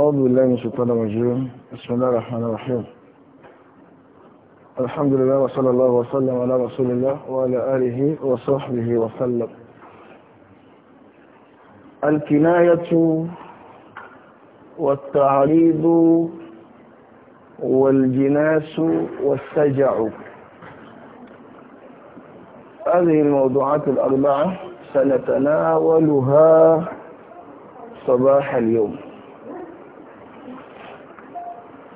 أعوذ بالله من الشيطان الرجيم بسم الله الرحمن الرحيم الحمد لله وصلى الله وسلم على رسول الله وعلى آله وصحبه وسلم الكناية والتعريض والجناس والسجع هذه الموضوعات الأربعة سنتناولها صباح اليوم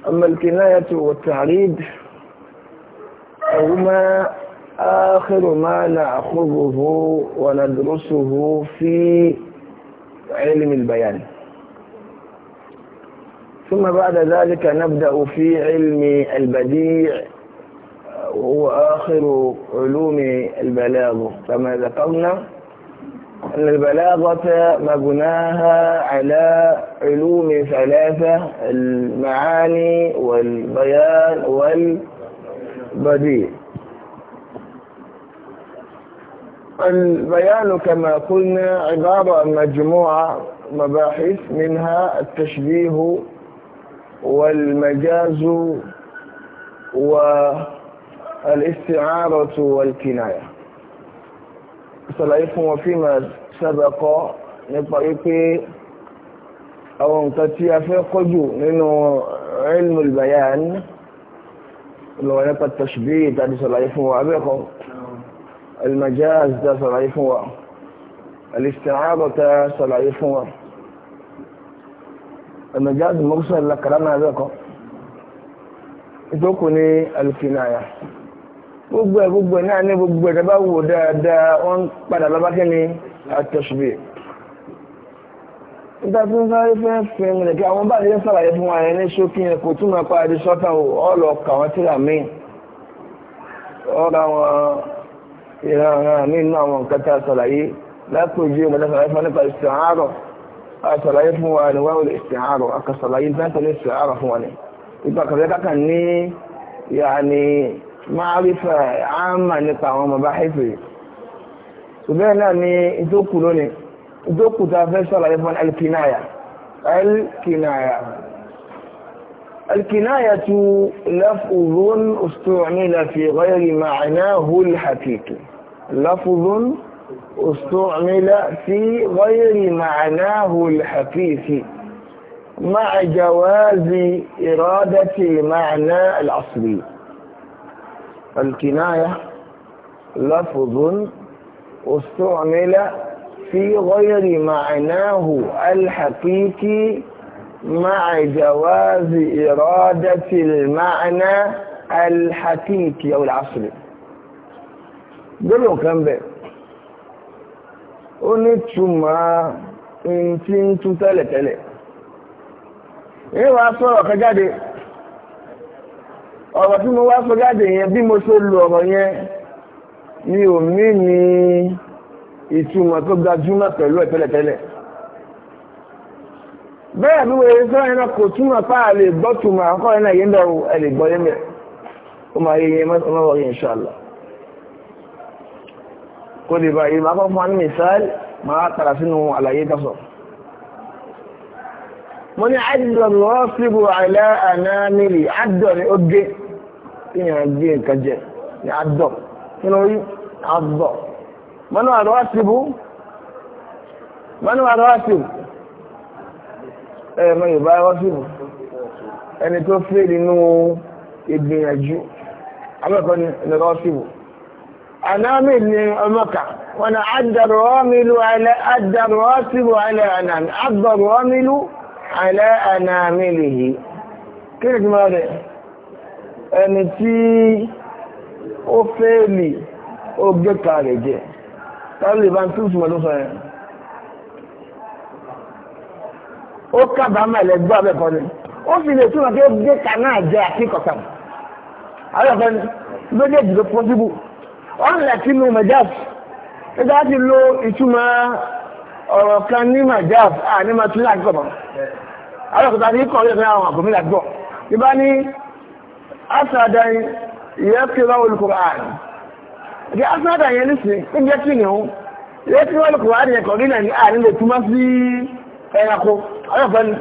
أما الكناية والتعريب هما آخر ما نأخذه وندرسه في علم البيان ثم بعد ذلك نبدأ في علم البديع وهو آخر علوم البلاغ كما ذكرنا أن البلاغة مبناها على علوم ثلاثة المعاني والبيان والبديع البيان كما قلنا عبارة عن مجموعة مباحث منها التشبيه والمجاز والاستعارة والكناية sọ̀làyé fún wọn fíìmà sábàkọ́ nípa wípé àwọn nǹkan tí a fẹ́ kọjú nínú ilmul bayan lọ́wọ́ nípa tashbih ìtàdí sọ̀làyé fún wa abẹ́kọ́ al-majaz ta sọ̀làyé fún wa al-isti'ara sọ̀làyé fún wa al-majaz mursal la karama abẹ́kọ́ ní al gbogbo ẹ̀ gbogbo náà gbogbo ẹ̀ tẹ́bá wò dáadáa wọ́n padà lọ́bá kí ni àtẹ̀sùbì nígbà tí wọ́n sáré fẹ́ fẹ́ mi lẹ̀kẹ́ àwọn bá lè sàlàyé fún wa ṣókí yẹn kò pa àdé o mí àwọn ìran àwọn nǹkan tá a sàlàyé sàlàyé fún wa nípa a معرفة عامة لطعام بحثي سبحان الله ذو كلوني ذو كتافيش الله يفعل الكناية الكناية الكناية لفظ استعمل في غير معناه الحقيقي لفظ استعمل في غير معناه الحقيقي مع جواز إرادة المعنى الأصلي الكناية لفظ استعمل في غير معناه الحقيقي مع جواز إرادة المعنى الحقيقي أو العصري دلوك أم بي ó ní túnmà tí ń tún ọ̀rọ̀ tí mo wá sọ jáde yẹn bí mo ṣe lo ọ̀rọ̀ yẹn mi ò mí ní ìtumọ̀ tó gbajúmọ̀ pẹ̀lú ẹ̀ tẹ́lẹ̀tẹ́lẹ̀ bẹ́ẹ̀ bí mo ṣe sọ yẹn náà kò túmọ̀ pa à lè gbọ́ túmọ̀ àkọ́kọ́ yẹn náà yẹn náà ẹ lè gbọ́ yẹn bẹ̀ ó máa yẹ yẹn mọ́ wọ́n yẹn ṣàlọ́ kò lè báyìí máa kọ́ fún wa ní mìsáàlì máa tàrà sínú àlàyé tásọ̀ mo ní àjọ lọ́ọ́ síbu àìlẹ́ àná nílì àjọ ni ó gé kéèyàn gé nǹkan jẹ ní adọ̀ nínú orí adọ̀ mọ́nú àdọ́wà sí bú mọ́nú àdọ́wà sí bú ẹ̀mọ yorùbá ẹwọ́ sí bú ẹni tó fẹ́ nínú ìgbìyànjú abẹ́kọ́ ni ẹ̀lọ́wọ́ sí bú ànámì ni ọmọkà wọn àdàrọ́mìlú alẹ́ ẹni tí ó fẹ́ẹ̀lì ó gbé ka rẹ̀ jẹ taliban tún sùmọ̀ ló sọ yẹn ó kábàámà ẹlẹgbẹ́ abẹ́kọ́ ni ó fi lè túnmọ̀ pé ó gbé ka náà jẹ àkíkọ̀tà àyọ̀kọ́ ni méjèèjì ló pọ́síbù wọ́n lè ti nu majaf nígbà tí lo ìtumọ̀ ọ̀rọ̀ kan ní majaf à ní ma tún ní àkíkọ̀tà àyọ̀kọ̀tà ní kọ̀ọ̀rọ̀ àwọn àkọ́mílà asadan yẹ́kìrọ̀ olùkùrán di asadan yẹn ní sí ìjẹ́ kí ni ó yẹ́kìrọ̀ olùkùrán ya kọ̀rí náà ní àárín lè túmọ̀ sí ẹranko ọlọ́pẹ́ni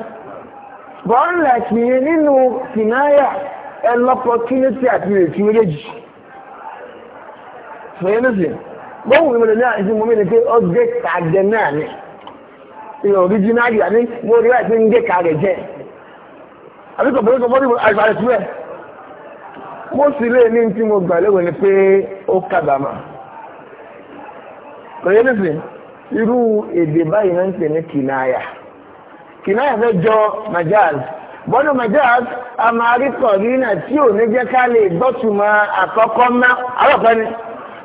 bọ́ọ̀lá kì í nínú kìnnáyà ẹlọ́pọ̀ kí ní tí àti rètí méjèèjì fẹ́yẹ́ ní sí ndị ìmọ̀lẹ̀ náà ìsìn na ni pé ó gé kàgẹ́ náà ni ìyọ̀ oríjínálì àní mo mo sì lè ní tí mo gbà lérò ni pé ó kábàámà kò yẹ nísìn irú èdè báyìí náà ń pè ní kìnnáyà kìnnáyà fẹ́ jọ majaz bọ́dù majaz a máa rí kọ̀rínà tí ò ní jẹ́ ká lè gbọ́tùmọ̀ àkọ́kọ́ mọ́ àlọ́kọ́ ni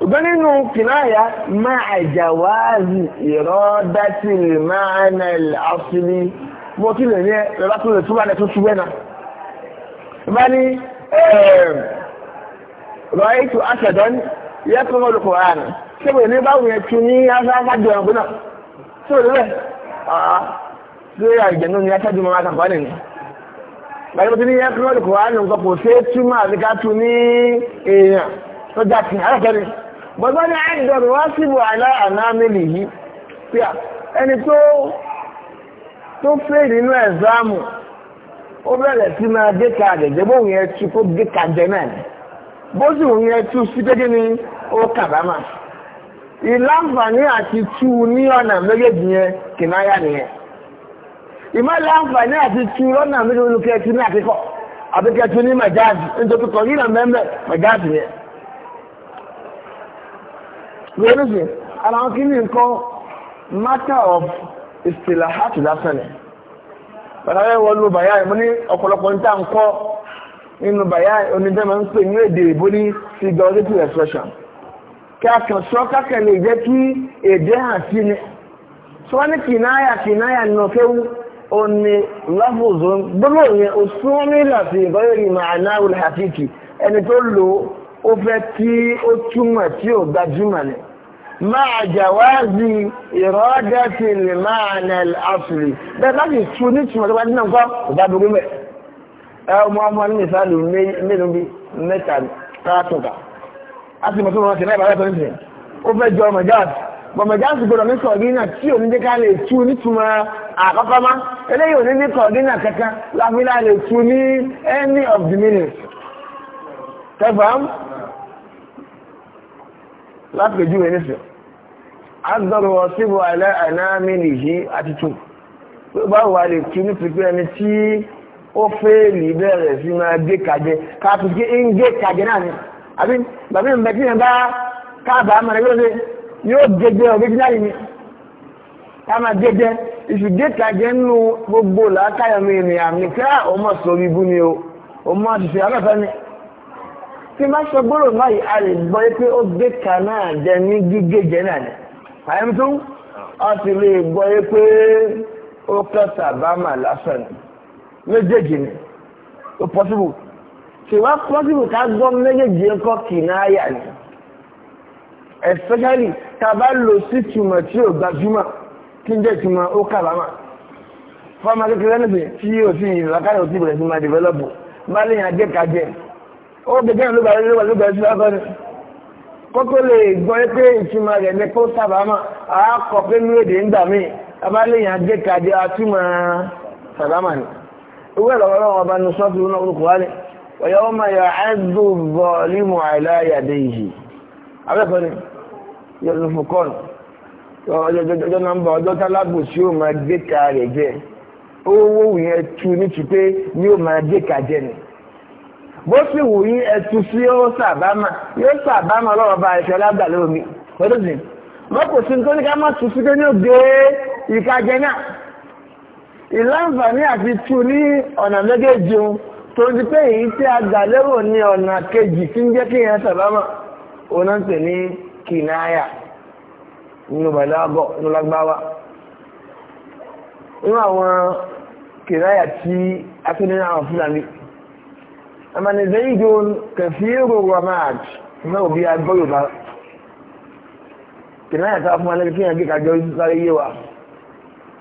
ṣùgbọ́n nínú kìnnáyà máa àjàwáàzì ìrọ́dátì máa nà ásìlì mo ti lè ní ẹ̀ lọ́dátì lè túbọ̀ ní tuntun bẹ́ẹ̀ náà rọ́ìtù aṣẹ̀dọ́n yẹ kọ́ ọ́ lùkọ́ ara rẹ̀ ṣé wòye ní báwo yẹn tún ní afáfá jọ ọ̀gbọ́n náà ṣé wòye bẹ́ẹ̀ ọ̀ọ́ ṣé àìjẹ̀nú ni afájú mọ́ àkàkọ́ ni ni báyìí wọ́n ti ní yẹ kọ́ lùkọ́ ara rẹ̀ nǹkan kò ṣe é túmọ̀ ká tún ní èèyàn tó já sí alákọ́ ni bọ́dọ́ ní àìjọ̀rọ̀ wá síbò àlá ànámìlì yìí pé ẹni tó tó fẹ́ nínú ẹ̀zámù ó bẹ̀rẹ̀ sí máa dé ka àgẹ̀gẹ̀ bóun yẹn ti kó dé ka jẹ náà bójú yẹn tú sí pé kí ni ó kàbámà ìláǹfààní àti tú ní ọ̀nà méjèèjì yẹn kìnnáyà nìyẹn ìmọ̀lẹ̀ àǹfààní àti tú lọ́nà méjèèjì olùkẹ́ tú ní àkíkọ̀ àbíkẹ́ tú ní mẹ̀jáàjì nítorí kọ̀ yìí náà mẹ́mẹ́ mẹ̀jáàjì yẹn. lóríṣi ara wọn kí nǹkan matter of bàtà ọ̀pọ̀lọpọ̀ nínú bàyá onídẹ́mọ̀ ń pè ní èdè ìbò ní figurative expression kí a kàn sọ kákẹ́ lè jẹ́ kí èdè hàn sí ni tí wọ́n ní kìnnáyà kìnnáyà nínú kéwú ó ní láfòzó gbogbo yẹn ó sún ní láti ìbáyé rí màá náà wọlé àtìkì ẹni tó lò ó fẹ́ tí ó túmọ̀ tí ó gbajúmọ̀ ni máa jàwáàzì ìrọ́dẹ́sìn lè máa nà àṣírí bẹ́ẹ̀ láti tún ní tìmọ̀ tó bá dín náà nǹkan ọmọ ọmọ ní ìsáàlù mélòó bí mẹ́ta tààtùkà a ti mọ̀ tó wọn ti láì bàbá tó ń sìn ó fẹ́ jọ ọmọ jáàsì bọ̀mọ̀ jáàsì gbọdọ̀ ní kọ̀ọ̀gínà tí òní jẹ́ ká lè tú nítumọ̀ àkọ́kọ́ má eléyìí òní ní kọ̀ọ̀gínà kankan láfílà lè tú ní any of the minutes tẹ́fàm lápèjú ẹ̀nìfẹ̀ agbọ́rọ̀ ọ̀síbọ̀ alẹ́ àná mi nìyí àtìtù báwo wà lè tú ní pípẹ́ ẹni tí ó fèèlì bẹ̀rẹ̀ sí máa gé kàjẹ káàpù gé ń gé kàjẹ náà ni àbí bàbá ìbẹ̀ tí bá káàbà á mọ̀rẹ́ lóde yóò gẹgẹ ọ̀gẹ́gẹ́ ni ká máa gẹgẹ ìṣù gé kàjẹ nínú gbogbo làákàyọ̀mí ìrìn àmì kí ọmọ sórí ibú ni o ọmọ àṣìṣe aláfẹ́ ni tí bá sọ gbọ́rọ̀ báyìí a lè gbọ́ pé ó gé ka náà jẹ ní gígé jẹ náà ni àyẹ̀mí tó ọ ah. sì lè gbọ́ pé ó lásán ni. méjèèjì ni ó pọ́sibù ṣèwá pọ́sibù ká gbọ́ méjèèjì ẹ̀kọ́ kì náà yà ni especially tá a bá lò sí tùmọ̀ tí ò gbajúmọ̀ kí n jẹ́ tùmọ̀ ó kàbámà fọ́ọ̀mù akékeré nìfẹ̀ tí yóò sì yìn lákàtà òtí bẹ̀rẹ̀ sí máa dìvẹ́lọ́pù bá lè yàn àjẹkàjẹ ó gẹ́gẹ́ ló bẹ̀rẹ̀ ló bẹ̀rẹ̀ sí lọ́kọ́ ni kó tó lè gbọ́ pé ìtumọ̀ rẹ̀ ni kó sàbámà àákọ̀ pé nú èdè ń gbà míì abá lè yàn àjẹkàjẹ àtúmọ̀ sàbámà ni owó ẹ̀rọ ọlọ́run ọba ní sọ́fì ní orúkọ wá ní ọ̀yọ́ ọmọ ya ẹ́dù bọ̀ọ̀límù àìláyàdé yìí abẹ́kọ̀ọ́ ni yọlùfùkọ́n ọjọ́ nọmba ọjọ́ tálábù tí ó máa gbé ka rẹ̀ jẹ owó wù yẹn tu ní ti pé ní ó máa gbé ka jẹ ni bó sì wù yí ẹtu sí ó sàbámà yóò sàbámà ọlọ́run bá ẹ̀ṣẹ̀ lágbà lómi ọdún sí mọ́kò sí ní ká má tu sí pé ní ó gbé ìka náà ìlànfààní àti tú ní ọ̀nà méjèèjì ohun tó ń pé èyí tí a gbà lérò ní ọ̀nà kejì tí ń jẹ́ kí èèyàn sàbámà òun náà ní kìnnáyà nínú bàdágọ̀ nínú lágbáwá nínú àwọn kìnnáyà tí a tún nínú àwọn fúlàní kìnnáyà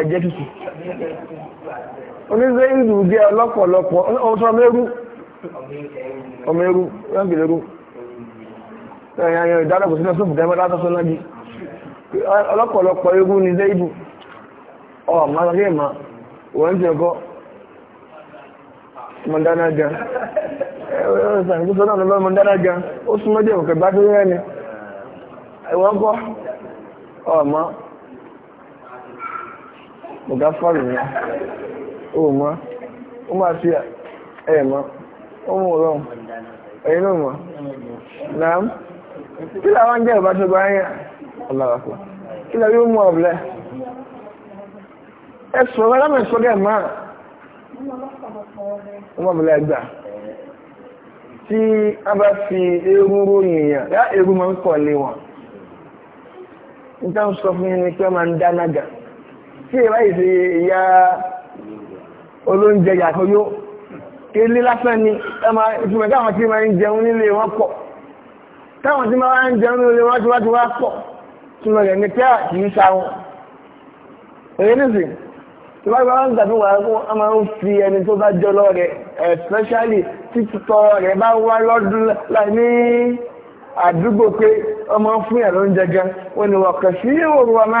ẹ̀jẹ̀ tútù oníṣẹ́ ìlú jẹ́ ọlọ́pọ̀lọpọ̀ ọ̀tọ́ mẹ́rú ọmọrú rẹ́gbẹ̀lẹ́rú ẹ̀yàn ìdádàbò sínú ọ̀sọ́fù gẹ́gẹ́ látọ́ sọ́nà bí ọlọ́pọ̀lọpọ̀ irú ní ṣe ìbù ọmọ akẹ́kẹ́ ìmọ̀ wọ́n ti ẹ̀kọ́ mọ̀dáná gan ó súnmọ́ jẹ́ òkè bá tó rẹ́ ni ẹ̀wọ́n kọ́ ọmọ ọ̀gá fàrù ní o mọ́ o máa fi ẹ̀ o mú ọlọ́run ẹ̀yìn náà mọ́ náà kí làwọn jẹ́ ìbá tó bá yẹn ọ̀làwàpọ̀ kí làwọn yóò mú ọ̀bẹ ẹ sọ̀rọ̀ lámà ìsọ́gẹ̀ máa wọ́n mọ̀ bẹ̀lẹ̀ gbà tí a bá fi eérú ròyìn èèyàn yá eérú máa ń kọ̀ lé sọ fún yín pé máa ń dáná gan tí ìwá ìsì ìyá olóúnjẹ yàtọ̀yó ilé lásán ni ẹmà ìtumẹ̀ káwọn tí ma ń jẹun nílé wọn pọ̀ táwọn tí ma ń jẹun nílé wọn tí wá ti wá pọ̀ túnmọ̀ rẹ̀ ní kí á kì í sa wọn èyí nìsín tí wọ́n bá ń gbàdúrà fún wọn máa ń fi ẹni tó bá jọ lọ rẹ̀ especially títọ́ rẹ̀ bá wá lọ́dún ní àdúgbò pé ọmọ fún ẹ̀ lóúnjẹ gan wọn ni wọ́n sí òru ọmọ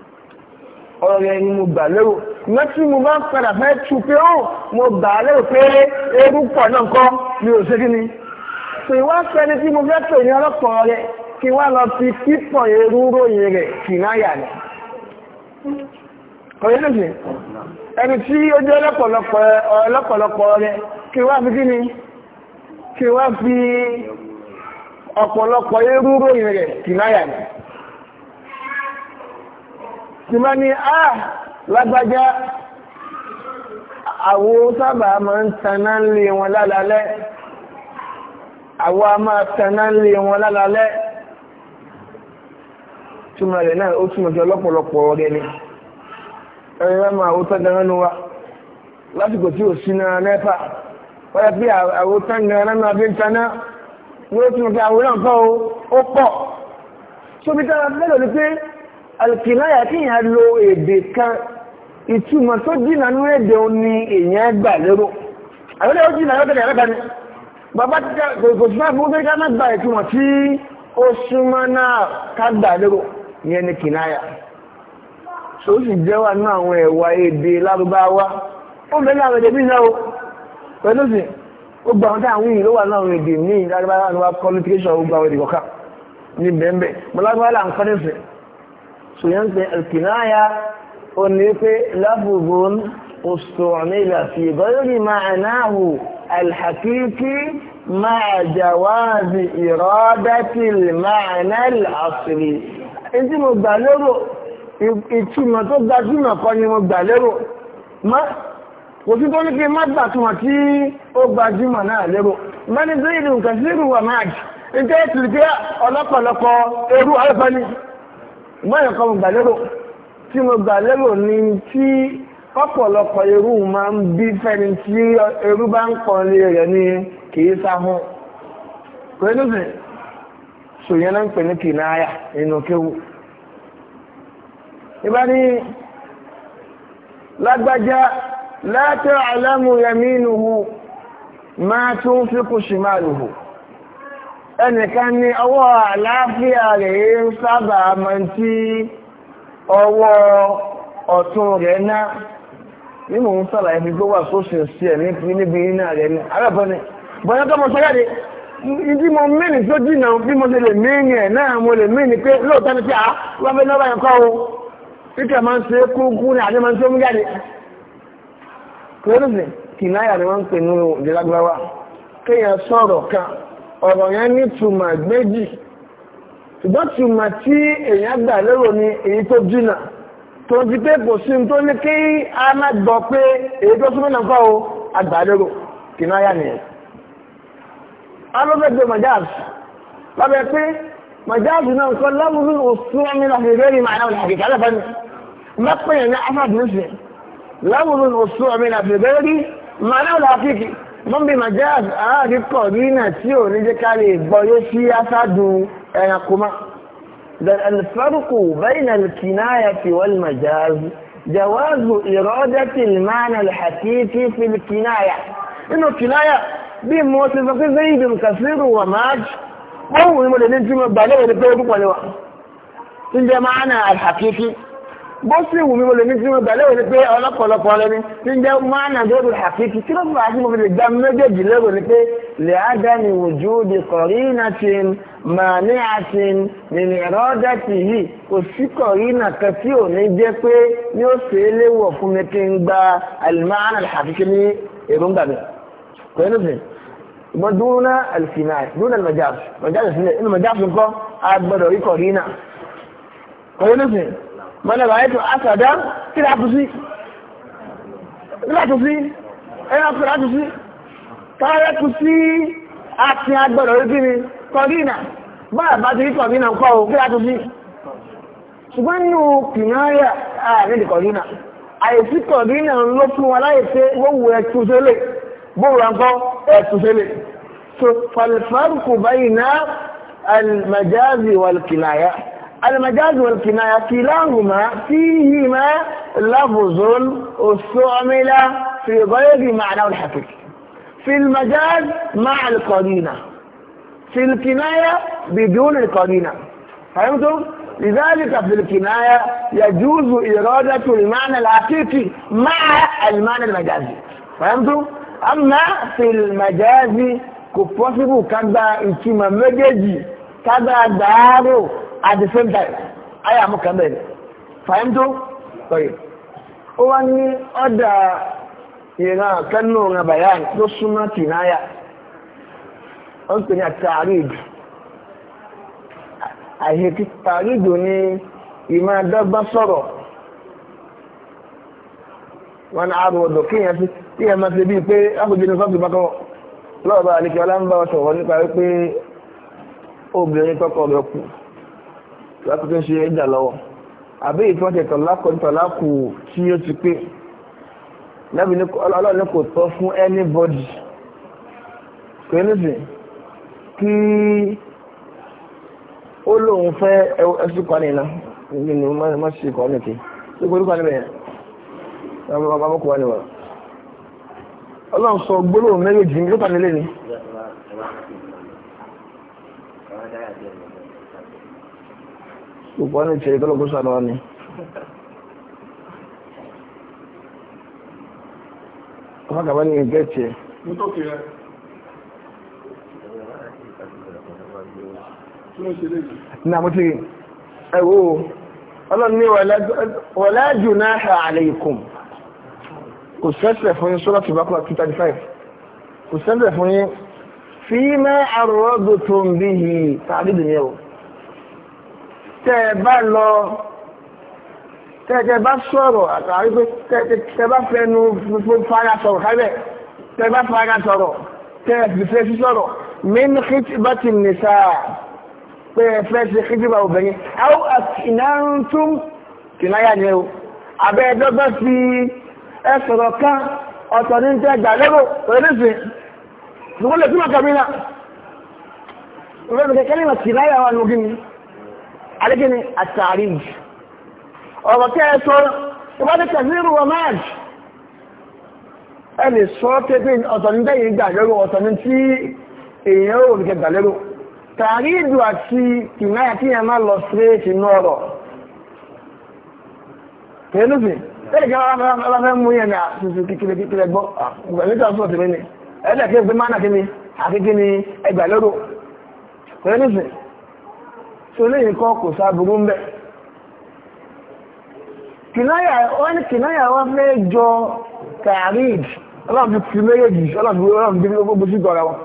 ọ̀rọ̀ yẹn mo gbà lérò mo bá padà fẹ́ tu pé ó mo gbà lérò pé ewu pọ̀ náà kọ́ mi ò ṣe kí ni. sọ sẹni tí mo ní rẹ kí wá lọ fi pípọ̀ ewu ròyìn rẹ̀ kì náà yà ni. ṣe ẹni tí ó jẹ́ ọlọ́pọ̀lọpọ̀ rẹ kí wá fi kí ni kí wá fi ọ̀pọ̀lọpọ̀ ròyìn rẹ̀ kì náà yà tí bá ní á ah, lágbájá àwo sábà máa ń taná lé wọn lálálẹ́ àwo a máa taná lé wọn lálálẹ́ túmọ̀ rẹ̀ náà ó túmọ̀ sí ọlọ́pọ̀lọpọ̀ ọ̀rẹ́ ni ẹ̀rẹ́ máa ó tán gan-an wa lásìkò tí ò sí náà nẹ́fà wọ́n yẹ pé àwo tán gan-an fi ń taná wọ́n túmọ̀ sí àwo náà kọ́ ó pọ̀ alkìláyà tí èèyàn lo èdè kan ìtumọ̀ tó jìnà ní èdè òun ni èèyàn gbà lérò àwọn èdè ó jìnà yóò tẹ̀lé ẹ̀rẹ́ta ni bàbá kò sí máa fún pé ká má gba ìtumọ̀ tí ó súnmọ́ náà ká gbà lérò ìyẹn ni kìláyà tó sì jẹ́ wà ní àwọn ẹ̀wà èdè lárúbáwá ó bẹ́ẹ̀ láwọn èdè bí náà ó gba ni wá qualification ó gba ṣùgbọ́n ṣe ìkìláyà ó ní pé lábùbùn ọ̀sọ̀ọ̀nìlà fi ìbáyọ̀rì máa náàhù alhakiki máa jàwáàzì ìrọ́dátìl máa náàlì àṣírí. in tí mo gbà lérò ìtumọ̀ tó gbajúmọ̀ kọ́ ni mo gbà lérò kò sí tó ní kí má gbàtúmọ̀ tí ó gbajúmọ̀ náà lérò mẹ́ni tó yìí nǹkan sí ìrùwà máa ní tẹ́ẹ̀tì pé ọlọ́pọ̀lọpọ̀ eru àlùfáà mọ́yàn kan gbà lérò tí mo gbà lérò ni tí ọ̀pọ̀lọpọ̀ irú máa ń bí fẹ́ni tí irú bá ń pọ̀ lé rẹ̀ ní kìí sáhún pẹ̀lúfẹ̀ ṣòyẹn náà ń pè ní kìnnáyà nínú kéwù ìbá ní lágbájá látẹ̀ alámúyẹmí nìhu máa tún fi kù ṣìmáàlùhù ẹnìkan ní ọwọ́ àlàáfíà rẹ̀ ń sábà mọ́ tí ọwọ́ ọ̀tún rẹ̀ náà ní mò ń sàlàyé fi gbówà sóṣù sí ẹ̀ níbi iná rẹ̀ ní arẹ́bọn ni tó mọ sọ́yàdé ìdí mo mẹ́ni tó dìnà bí mo lè mẹ́ni ẹ̀ náà mo lè mẹ́ni pé ni pé ah, à ọ̀rọ̀ yẹn ní túmọ̀ méjì ṣùgbọ́n túmọ̀ tí èèyàn gbà lérò ni èyí tó jìnà tó ti pé kò sí tó ní kí a má gbọ́ pé èyí tó súnmọ́ náà kọ́ o àgbà lérò kì náà yà nìyẹn. alóbẹ̀dẹ̀ majáàsì lábẹ́ pé majáàsì náà kọ́ lábùrú òsùn mi láti rẹ́rì màá náà láti kàlẹ́ fẹ́ mi mẹ́pẹ́ yẹn ní afáàdúrósì lábùrú òsùn mi láti rẹ́rì màá náà láti wọ́n bí majaz aráàlú pọ̀ ní náà tí ò ní jẹ́ ká lè gbọ́ yóò sí aṣáájú ẹranko mọ́. الفرق بين الكناية والمجاز جواز إرادة المعنى الحقيقي في الكناية إنه الكناية bí mo ti sọ pé zayidu kasiru wa maj wọ́n wùí mo lè ní tí mo gbàlẹ́ ìrẹ́pẹ́ ogún pọ̀lẹ́wà tí jẹ́ máa náà alhakiki bó sì wù mí mo lè ní sí wọn gbàlẹ́ òní pé ọlọ́pọ̀lọpọ̀ rẹ ni tí ń jẹ́ mánà gbẹ́rù àkíkí tí ló fà á sí mo fi lè gba méjèèjì lérò ni pé lè á dání wòjú di kọ̀rínà ti ń màá ní àti nìyẹn ẹ̀rọ tì yìí kò sí kọ̀rínà kan tí ò ní jẹ́ pé ní ó ṣe é léwọ̀ fún mi kí n gba àlùmáàna àkíkí ní èròǹgbà mi kò ní sè wọ́n dúnà àlùfínà dúnà mẹjáàfù mẹjáàfù sílẹ̀ inú mẹjáàfù nǹkan agbọ́dọ̀ mọ́lẹ̀ bàá ètò àtàdá kí láti sí láti sí ẹ̀yà kí láti sí tọ́rẹ́ kú sí àti agbọ̀dọ̀ rí kíni kọ̀dínà báyà bá ti rí kọ̀dínà ń kọ́ o kí láti sí ṣùgbọ́n nínú kìnnìyà àárín kọ̀dínà àyèsí kọ̀dínà ló fún wa láyè pé wọ́n wo ẹ̀tún so fàlìfàrùkù báyìí ná al المجاز والكناية كلاهما فيهما لفظ استعمل في غير معناه الحقيقي في المجاز مع القرينة في الكناية بدون القرينة فهمتم؟ لذلك في الكناية يجوز إرادة المعنى الحقيقي مع المعنى المجازي فهمتم؟ أما في المجازي kò كذا إنتما مجازي méjèèjì دارو at the same time àyà mú kan bẹ́ẹ̀ fàyẹ́ntó sọ̀rọ̀ ó wá ní ọ̀dà ìran kẹ́nu ọ̀ràn bayan tó súnmọ́ kìnnáyà ó ń pè ní àtàrídù àìsèkí tàrídù ní ìmọ̀ àdọ́gba sọ̀rọ̀ wọn ní àrùn ọ̀dọ̀ kí èèyàn tí èèyàn máa ṣe bíi pé ápòjì ní sọ́ọ̀tù bákan lọ́ọ̀bà àlekè ọlá ń bá ọ sọ̀rọ̀ nípa wípé obìnrin tọkọ rẹ̀ kù láti fi ń ṣe ẹ̀dà lọ́wọ́ àbí ìtọ́jẹ̀ tọ̀lákọ̀ tọ̀lákù tí ó ti pé lẹ́bi ní ọlọ́run ní kò tọ́ fún anybody kò ní sìn kí ó lóun fẹ́ ẹsùn kan nìyẹn níbi ni má ṣe kọ́ nìkan tí kò ní kọ́ níbẹ̀ yẹn ọmọ bàbá kò wá níwọ̀ ọlọ́run sọ gbólóhùn méjèèjì ní lókàn nílé ni. Kukwani ce kala kusa da wani. Kuma gaba ne gace. Na mutu ẹwọ́ ọlọ́run ní wala junaha alaykum. Kò sẹ́sẹ̀ fún sọ́lá tìbákọ́ 235. Kò sẹ́sẹ̀ fún yí. Fima arradtum bihi tàbí dìnyẹ̀wò tẹ́ bá lọ tẹ́ bá sọ̀rọ̀ àtàrí pé tẹ́ bá fẹ́nu fara sọ̀rọ̀ kálẹ̀ tẹ́ bá fara sọ̀rọ̀ tẹ́ fẹ́ sí sọ̀rọ̀ min khitbati nisa pé fẹ́ sí khitba obìnrin aw aknantum kìnnáyà ni o abẹ́ ẹ̀dọ́gbẹ́ fi ẹ sọ̀rọ̀ kan ọ̀tọ̀ ní tẹ́ gbà lérò orílẹ̀-èdè ṣùgbọ́n lè àdékìní àtàrí ọ̀rọ̀ kẹ́ẹ̀sọ́ ìbádé kẹsìrì romaj ẹni sọ pépé ọ̀tọ̀ ní dẹ́yìn gbàlérò ọ̀tọ̀ ní tí èèyàn ò rí gbàlérò tààrí ìdù àti kìnnáyà kí yẹn má lọ síréètì inú ọrụ kẹ́lùfì so léyìn kọ́ kò sáàbùrú ń bẹ̀ kìnáyà wọ́n ní kìnáyà wọ́n fẹ́ jọ tààríd ọlọ́run fi méjèèjì ọlọ́run bí gbogbo sí gọ́ra wọn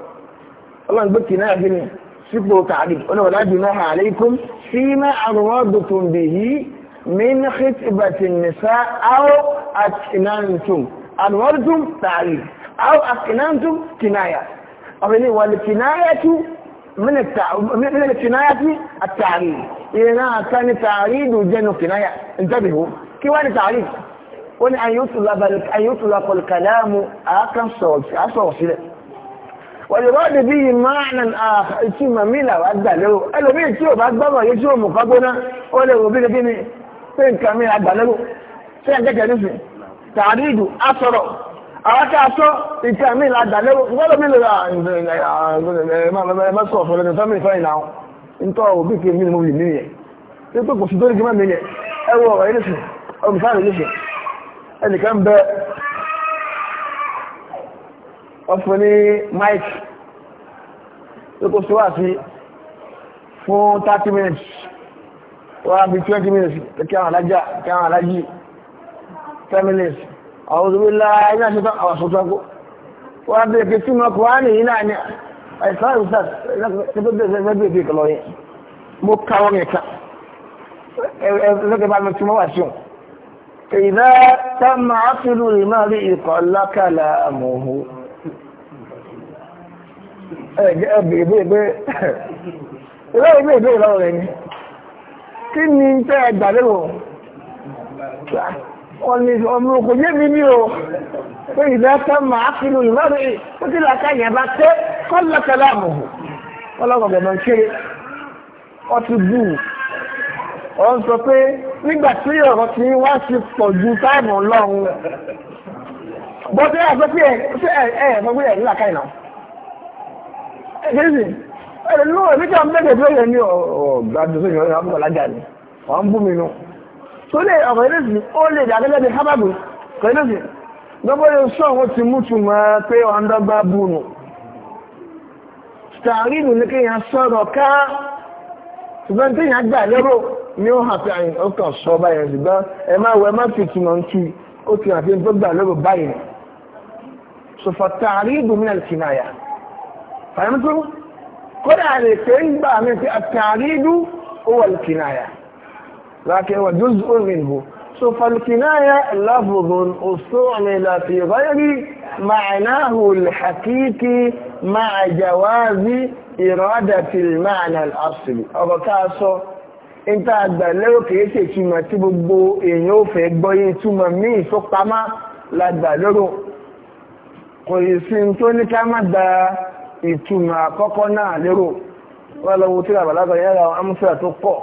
ọlọ́run gbé kìnáyà sí ni sípò tààríd oníwàlá jùlọ àlékún sí iná àrùwọ́ dùtùn bì yí min khitbati nisa aw atkinantum anwartum ta'rif aw atkinantum kinaya ọ̀rẹ́ ni wal kinayatu من التع... من الكناية التعريض إذا كان تعريض جن كناية انتبهوا كيوان تعريض وأن أن يطلب أن يطلق الكلام أكن صوت أصوص والإراد به معنى آخر ثم ملا وأدى له قالوا مين تيو بعد بابا يجيو مقابلة ولو بينا بينا بين كامل أدى له سيحدك نفسي تعريض أسرع àwákà tó ìkẹ́ mi ládà lẹ́wọ́ gbọ́dọ̀ mi lọ́la ẹ̀mọ́sọ̀ fún ẹ̀dùn family fine now ntọ́ òbí kí mi mú mi ní yẹ tí tó kò sí tó ní kí má mi yẹ ẹ wọ ọ̀rọ̀ ẹni sùn ọ̀rọ̀ sáré ní sùn ẹnìkan bẹ ọ̀fun ní mike tó kò sí wá sí fún thirty minutes wá bí twenty minutes kí àwọn alájà kí àwọn alájì ten minutes àwọn òṣèlú ina ṣe tán àwọn ṣọ́tọ́kú wọ́n bèèrè pé tí mo kọ́ wá nìyí náà ni àìsàn ìrìsà ṣe tó bèèrè fẹ́ bèèrè kọlọ yẹn mo ka wọn nìkan ẹgbẹ́ bá mi tí mo wà sí wọn. إذا تم عقد المرء قل كلامه ilé ìgbé ìgbé rẹ̀ ni kí ni tẹ́ ẹgbàlẹ́wọ̀ ọ̀nì ọmọ òkò yé mi ní o pé ìdáta máa fi lu ìmọ̀ràn yìí ó ti làkà yẹn bá tẹ́ kọ́lá kẹlẹ́ àmọ̀hù ọlọ́gbọ̀n gbọ̀dọ̀ ń kéré ọtí bù ọ ń sọ pé nígbà tí ọ̀rọ̀ ti wá sí pọ̀ ju táìmù lọ́run bọ́tẹ́ àgbẹ̀pẹ́ ẹ̀ ẹ̀ ẹ̀ mọ́gbẹ́ ẹ̀ nílà káyìnà ẹ̀ẹ́dẹ́sì ẹ̀ẹ́dẹ́ lóòrè nígbà mẹ́tẹ̀ẹ́dẹ́ yẹn ní ọ̀ọ́ gbàdúrà sóyún ọ̀rọ̀ àbúkọ̀ lájà ni wọ́n ń bú mi nù tó lè ọ̀rọ̀ ilé-ìsìn ó lè dàgẹ́gẹ́ bí hábàbù kọ̀ ilé-ìsìn gbogbo yóò sọ wọ́n ti mú tu máa pé wọ́n dọ́gba bùnù tààrínù ní kí yẹn sọ̀rọ̀ ká ṣùgbọ́n tí yẹn gbà lérò ní ó hàpẹ́ àyìn ó kàn sọ báyẹn ṣùgbọ́n ẹ máa wọ ẹ má fi túmọ̀ ń tu ó ti hàpẹ́ ń gbà lérò báyìí sọ̀fọ̀ tààrínù mi náà ti náà yà fàyẹ̀mùtú kódà lè pé ń gbà mí pé àtàrínù ó wà lè kìnnà yà. لكن وجزء منه فالكناية لفظ استعمل في غير معناه الحقيقي مع جواز إرادة المعنى الأصلي ọ̀rọ̀ tá a sọ ń tá a gbà lérò kìí ṣe ìtumọ̀ tí gbogbo èèyàn ò fẹ́ gbọ́ yé ìtumọ̀ míì tó pamá la gbà lérò kò yìí sí tó ní ká má da ìtumọ̀ àkọ́kọ́ náà lérò wọ́n lọ wo tí àbàlágbà yára àwọn amúfẹ́ tó pọ̀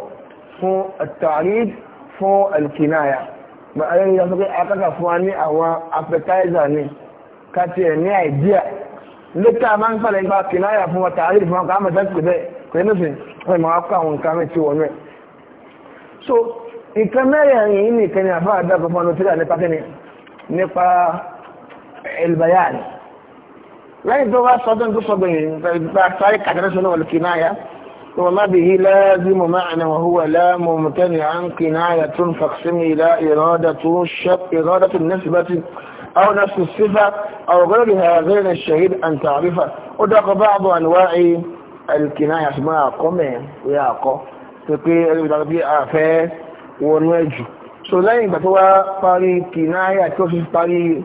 fún at-ta'rid fún al-kinaya ayé ni sọ pé akẹ́kọ̀ọ́ fún wa ní àwọn appetizer ni káti ẹ̀ ní idea lẹ́tà máa ń sàlẹ̀ nípa kinaya fún wa ta'rid fún wa káàmù sẹ́sì bẹ́ẹ̀ pé nífẹ̀ẹ́ wọ́n máa kọ́ àwọn nǹkan mẹ́tì wọ́n mẹ́ so nǹkan mẹ́rin àyìn yìí nìkan ni àfáà dákọ̀ fún ọdún sílẹ̀ nípa kíni nípa al-bayan lẹ́yìn tó wá sọ́dún tó sọ gbẹ̀yìn nípa sáré kàtàkì sọ́nà wọ̀lùkì náà yá وما به لازم معنى وهو لا ممتنعا كناية فاقسم إلى إرادة الشك إرادة النسبة أو نفس الصفة أو غيرها غير الشهيد أن تعرفه ودق بعض أنواع الكناية ما قمة وياقة تقي الغربي أفاس ونوجه سلين lẹ́yìn طري كناية wá طري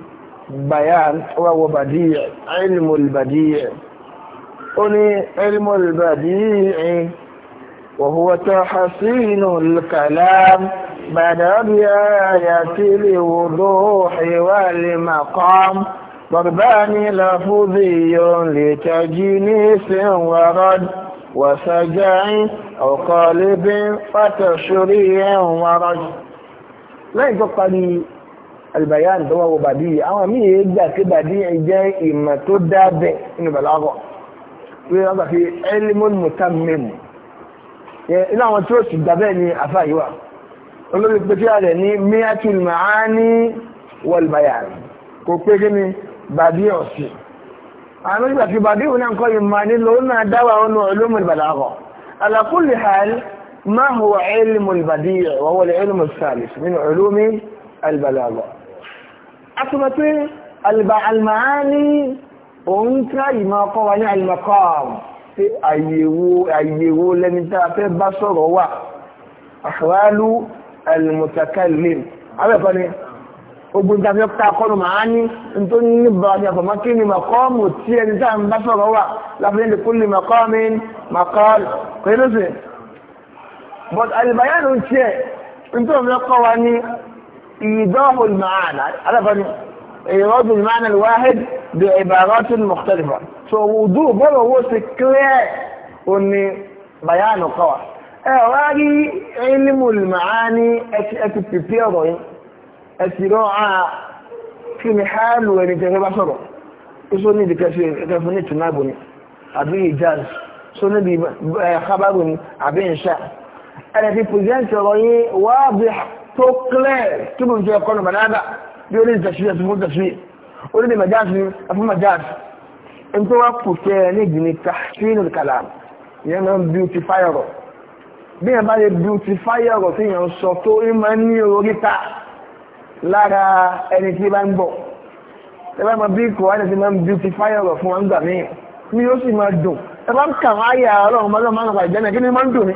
بيان وهو بديع علم البديع أني علم البديع وهو تحسين الكلام بدا بآيات الوضوح والمقام ضربان لفظي لتجنيس ورد وسجع أو قالب وتشريع ورد لا لي البيان هو بديع أو مين يبدأ كبديع جاي إما تدابع إنه بلغه pé wọ́n gbà fi elimon mutamimu iná àwọn tí ó sì gbà bẹ́ẹ̀ ni àfà yìí wà olórí pé tí a rẹ̀ ní miatul maani wal bayan kò pé kí ni bàbí ọ̀sì àwọn fi bàbí òun náà kọ́ ìmọ̀ nílò ó náà dáwà ọ̀nà ulumul balagha ما هو علم البديع وهو العلم الثالث من علوم البلاغة أثبت المعاني òun ká ìmọ̀ ọkọ̀ wa ní àìmọ̀kọ́ọ̀rùn pé àyèwò lẹ́ni tá a fẹ́ bá sọ̀rọ̀ wà àṣọ́rálú alìmọ̀tàkàlìm abẹ́kọ́ ni ogun tàbí ọkọ̀ akọ́nù máa ní tó ní bá ní àpamọ́ kí ni mọ̀kọ́ọ̀mù tí ẹni tá a ń bá sọ̀rọ̀ wà láfẹ́ ní kó lè mọ̀kọ́ọ̀mì mọ̀kọ́ọ̀lù kò yẹ́ lóṣè but àlìbáyánù tiẹ̀ nítorí ọkọ̀ wa ní ìdánwò ìmọ̀ àná abẹ́kọ́ ni ìrọ́dù ìmánà wáhid bí ìbàrọ́tù mọ̀tẹ́lifà so wùdú bọ́lọ̀ wo ti clear òní bayanu kọ́wa ẹ wá rí ilmu ma'ani ẹti pìpì ọ̀rọ̀ yìí ẹti rọ́ a kí ni hálù ẹni tẹ́fẹ́ bá sọ̀rọ̀ iso ní ìdíkẹ́sí ẹ̀kẹ́fún ní tùnágbò ni àbí ìjáàz so níbi ẹ̀kábàgbò ni àbí ìṣà ẹni ti pìrìsẹ́ntì ọ̀rọ̀ yìí wá bí tó clear kí mo ń jẹ́ ẹ̀kọ́ nù bàdáadáa bí ó lè tẹ̀síwẹ̀ tó fún tẹ̀síwẹ̀ ó lè majáàsì afún majáàsì in tó wá kò tẹ́ ní ìgbìmí tahsinu kalam ìyẹn náà beautify ọ̀rọ̀ bí yẹn bá lè beautify ọ̀rọ̀ tí yẹn sọ tó ìmọ̀ ní orí ta lára ẹni tí bá ń bọ̀ ẹgbẹ́ máa bí kò wáyé tí máa ń beautify ọ̀rọ̀ fún wọn gbà míì ni ó sì máa dùn ẹgbẹ́ kàn áyà ọlọ́run mọ́lọ́mọ́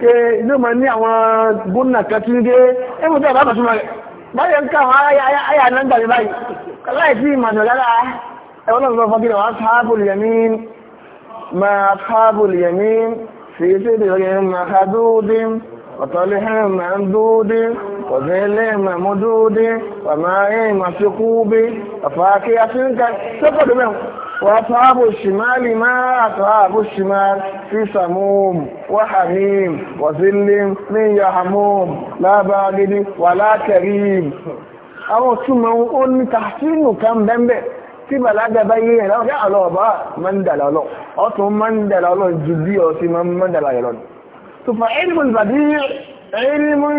pé ilé ma ní àwọn gómìnà kan tí ń dé ẹ̀mú tó àbábà súnmọ́ rẹ̀ báyẹ̀ ń ká àwọn ayà nọ́gbà mi báyìí láì sí ìmọ̀nà rárá ẹ̀wọ́n náà lọ́fọ́ kí wọ́n sáábùl yamin ma sáábùl yamin fi sídì rẹ̀ ma ha dúdí ọ̀tọ́lé hẹ́ ma ń dúdí ọ̀dẹ́lé ma mú dúdí وأصحاب الشمال ما أصحاب الشمال في سموم وحميم وظل من يحموم لا بارد ولا كريم àwọn túnmọ̀ ó ní tàṣínù kan bẹ́m̀bẹ̀ tí bàlágà bá yé ẹ̀rọ ọ̀gá àlọ́ọ̀bá máa ń dàlà ọlọ́ ọ̀tún máa ń dàlà ọlọ́ jù bí ọ̀ sí máa tó fa ilmùn bàbí ilmùn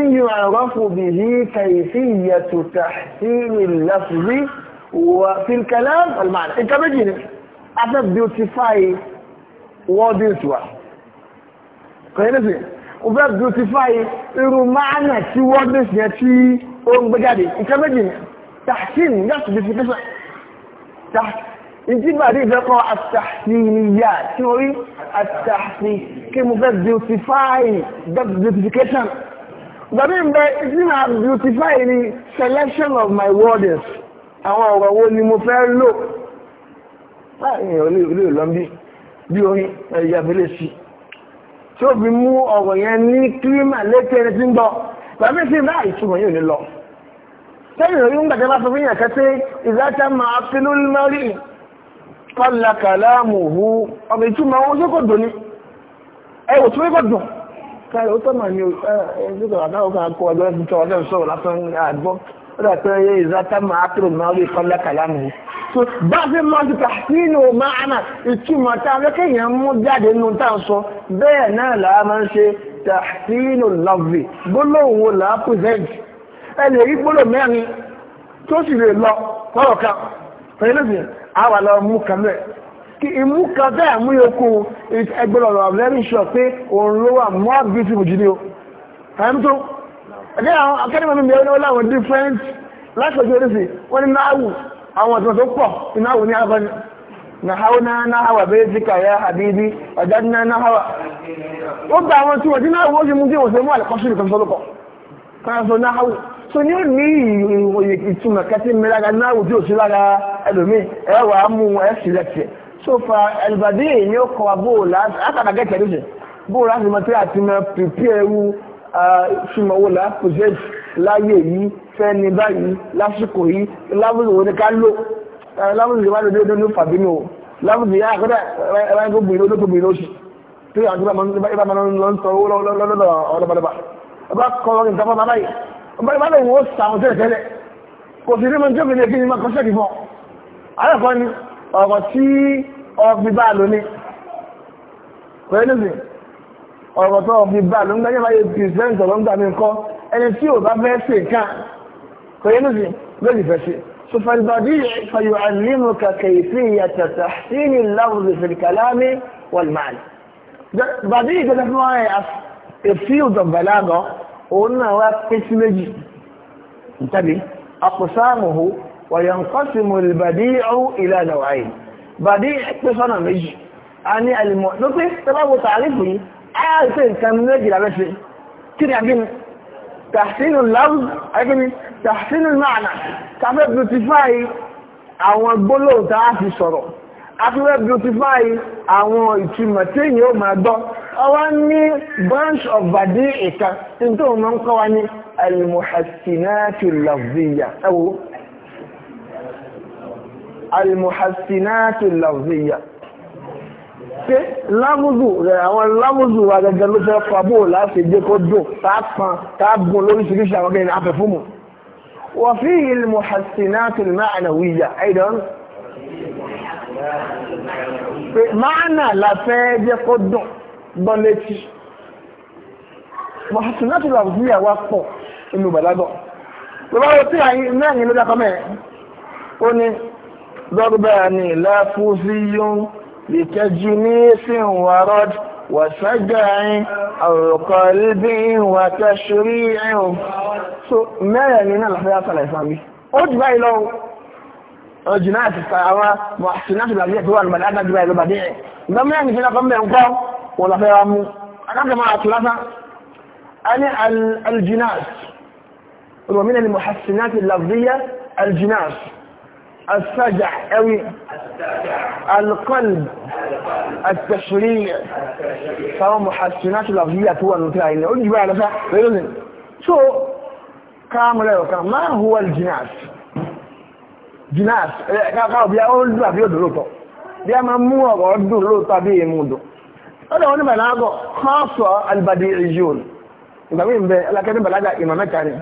وفي الكلام المعنى انت بجينا احنا بيوتيفاي وردينز wa kọ̀yẹ́lẹ́ sí ọ̀fẹ́ beautify irú máàna tí wordings yẹn tí ó ń gbé jáde nǹkan méjì ni tahsin that's beautification ìdí bàdí ìfẹ́kọ́ àtàhìníyà tí ó rí àtàhì kí mo fẹ́ beautify that beautification gbàmí ń bẹ ìdí náà selection of my wordings àwọn ọ̀rọ̀ wo ni mo fẹ́ lò láàrin olè lọ́mbí bí orin ẹ̀yà abẹ́lẹ̀ sí tí ó fi mú ọ̀rọ̀ yẹn ní kírímà létí ẹni tí ń gbọ́ bàbá sí bá ìtumọ̀ yóò ní lọ sẹ́yìn orí ń gbàjẹ́ bá sọ fún yàn kẹ́tẹ́ ìzájá máa fi ló lórí kọ́lá kàlámù hu ọmọ ìtumọ̀ wọn sókò dùn ní ẹwò tí wọ́n kò dùn káyọ̀ ó tọ́ màá ní ẹ̀ẹ́dẹ́gbẹ̀rún àdáwọ̀ kan kọ ọjọ́ ìfúnṣọ́ ọjọ́ ìṣọ́ rẹ̀ pé ìzọ́tà máa kúrò máa rí kọ́lá kàlámù so bá fi máa ti kà sínú máàmà ìtumọ̀ tá a lọ́kẹ́ yẹn mú jáde nínú tá a sọ bẹ́ẹ̀ náà làá máa ń ṣe tàṣínú lọ́vì gbólóhùn wo làá pùzẹ́ǹtì ẹ lè rí gbólóhùn mẹ́rin tó sì lè lọ lọ́rọ̀ kan pẹ̀lú lóbìnrin àwa lọ mú kan mẹ́rin kí imú kan tẹ́ àmú yòókù ẹgbẹ́ lọ́rọ̀ very pé òun ló wà more beautiful ẹ̀kẹ́ àwọn akẹ́rìmọ̀ mi bẹ̀rẹ̀ wọ́n láwọn different láṣọjú oríṣi wọ́n ní náàwù àwọn ọ̀tọ̀ tó pọ̀ ìnáwù ní abọ́ ni nàháwù náà náhàwà bẹ́ẹ̀ ti kàyà àbíbí ọ̀já ní náhàwà ó gba àwọn tí wọ́n ti náà wọ́n ti mú kí wọ́n ṣe mú àlẹ́kọ́sí nìkan sọ́lọ́kọ̀ so ní ó ní ìwòye ìtumọ̀ kẹtí mi lára náhàwù tí ò sí lára ẹlòmíì ẹ wà á mú ẹ sì lẹ́tì so fa ẹlùbàdí èyí ó kọ bóòlù látàkàkẹ́ tẹ̀lé bóòlù láti mọ tí a ti mọ pèpè ẹwu ìfimọ̀wò lápùsẹ̀t láyé yìí fẹ́ni báyìí lásìkò yìí lábùsù wo ni ká lò lábùsù yìí wá lóde lóde ní fàbínú o lábùsù yìí àkọ́dà ẹ̀rọ tó bùnú lóde tó bùnú lóṣù tó yà àdúrà ibà máa ń lọ sọ owó lọ́dọ̀ ọ̀dọ̀bàdàbà ọba kọ́ ọ́ nǹkan fún báyìí ọba ìbá lòun ó sa àwọn tẹ́lẹ̀ tẹ́lẹ̀ kò sì rí mọ́jọ́ kìíní kí ni máa kọ́ṣẹ́ kìfọ́ alákọ̀ọ́ ni ọ̀rọ̀ tí ọ ọ̀rọ̀ tó ọ̀fi bá ló ń gbẹ́jẹ́ báyé pìrìsẹ́ǹtì ọ̀rọ̀ ń gbà mí kọ́ ẹni tí ò bá fẹ́ ṣe nǹkan kò yẹ lóṣì lóṣì fẹ́ ṣe sọfẹ́lbàdí fàyọ̀ àlímù kàkẹ́ ìfì yàtàtà sí ní láwùjọ ìfẹ̀lìkàlámi wàlmáàlì bàdí ìjọba fún wọn ẹ̀ èfì ìdọ̀bẹ̀lágọ̀ òun náà wá pé sí méjì tàbí àkùsáàmùhù wàyànkọ́sìmù ìbàdí ọ̀hún ìlànà wáyé bàdí pé sọ́nà méjì a ní àlìmọ̀ lópin tẹ́bàbò tààrífù yìí ààrẹ nǹkan méjì lábẹ́ ṣe kí ni àgbìn tàṣínú láwùn àgbìn tàṣínú máàna tàbí beautify àwọn gbólóhùn tá a fi sọ̀rọ̀ afẹ́fẹ́ beautify àwọn ìtumọ̀ tí èyí ó máa gbọ́ ọwọ́ ní branch of badi ìka tí tó máa ń kọ́ wa ní alimuhasinatu pé lámùzù rẹ̀ àwọn lámùzù wa gẹ́gẹ́ ló fẹ́ fa bóò láti jẹ́ kó dùn tápọn tágùn lóríṣiríṣi àwọn gẹ́gẹ́ afẹ́fúnmù wọ́n fi ilmu hasinatu ma'anawiyya aidan pé máàna la fẹ́ jẹ́ kó dùn gbọ́n létí hasinatu làwùjúyà wa pọ̀ inú bàlágọ̀ lọ́wọ́ wo tí àyín mẹ́rin ló dákọ́ mẹ́rin ó ní lọ́gbẹ́ni láfúsí yóò بتجنيس ورد وسجع أو قلب وتشريع ما من الحياة الإسلامية أجبع له أجنات الطعوة محسنات الأبيع هو الملعب أجبع له بديع لم يعني فينا قم بأنكم ولا في رامو أنا كما أطلعت أنا الجناس ومن المحسنات اللفظية الجناس السجع أو القلب التشريع سواء محسنات لفظية هو المتلاعين أجيب على فعلا so كامل ما هو الجناس جناس káàkiri bí a ó ń dúrà bí ó dúró tọ́ bí a máa mú ọ̀rọ̀ dùn lóòtọ́ bí i mú dùn ọ̀dọ̀ wọn ni bàlágọ̀ kọ́ọ̀sọ̀ albàdì ìjìun ìgbàmí ìbẹ̀ alákẹ́ni bàlágà ìmọ̀ mẹ́ta ni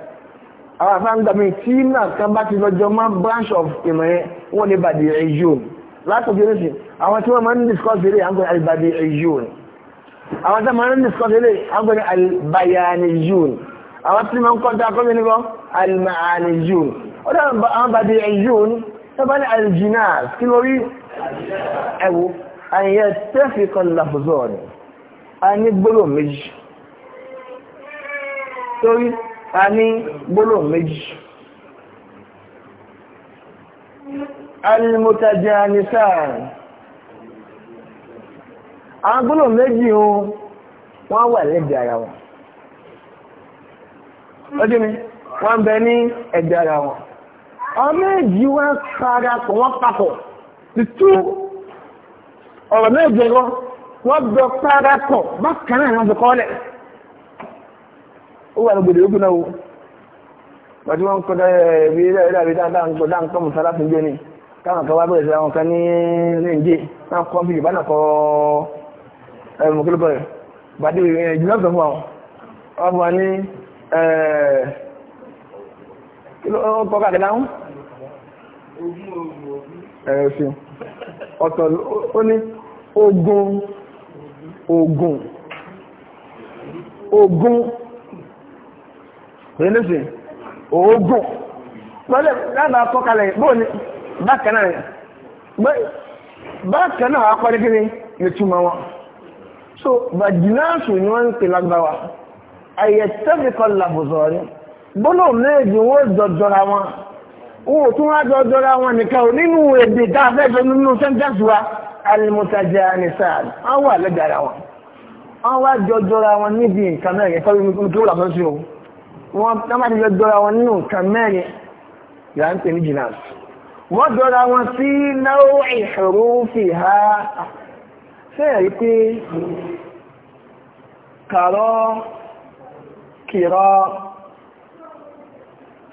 àwọn àfáàgbàmí tí náà kan bá ti lọ́jọ́ máa branch of ìmọ̀ẹ́ wọ́n ní bàdì ẹ̀yọ́ látòjú nísìn àwọn tí wọ́n máa ń discuss eré à ń pè ní àlìbàdì ẹ̀yọ́ àwọn tí wọ́n máa ń discuss eré à ń pè ní àlìbàyàní yún àwọn tí wọ́n kọ́ ta kọ́mí níbọ̀ àlìmààní yún ó dá àwọn bàdì ẹ̀yọ́ tó bá ní àlìjìnà kí lórí ẹ̀wò àyẹ̀ tẹ́fìkan làfùzọ́ ni a ní méjì a ní gbólóhùn méjì alimotajanisan àwọn gbólóhùn méjì wọ́n wà lẹ́gbẹ̀ẹ́ ara wọn ọdún mi wọ́n bẹ ní ẹgbẹ́ ara wọn ọmọ èjì wọ́n kára kò wọ́n papọ̀ títú ọ̀rọ̀ méje wọ́n bẹ kára kọ̀ bákan wọ́n fi kọ́ lẹ̀ ó wà ní gbèdè yókù náà o gbàtí wọ́n ń kọjá ẹ̀rí ẹ̀rí dáadáa ń kọ́ mùsàlá fún jẹ́ ni táwọn kan wá bẹ̀rẹ̀ sí àwọn kan ní rẹ̀ǹdé náà kọ́ fi ìbánà kọ́ ẹ̀rùn eh, kílùbọ̀ rẹ̀ gbàdé eh, ìjìnlẹ̀ sọ fún àwọn ọmọ wa ní ọkọ̀ kàkẹ́lá ń ẹ̀rọ̀sìn ọ̀tọ̀ ó ní ogun ogun ogun pé oògùn pẹ̀lú lábàá kọ́kalẹ̀ bóòlù bákan náà bákan náà akọ́ni kí ni wọn so bàjínásù ni wọ́n ń pè lágbáwa àyẹ̀tẹ́bìkọ́ làbùsọ̀ rí méjì wọ́n jọjọra wọn owó tún wá jọjọra wọn nìkan ò nínú èdè tá a fẹ́ jọ nínú sẹ́ńtẹ́sì wa alimutaja nisaad wọ́n wà lẹ́gbẹ̀ẹ́ wọn wọ́n wá jọjọra wọn níbi nǹkan náà yẹ wọn tábà ti lọ dọ́ra wọn nínú nǹkan mẹ́rin là ń pè ní jìnnà wọ́n dọ́ra wọn sí náwó ìṣòro fi ha sẹ́yìn pé kàrọ́ kìrọ́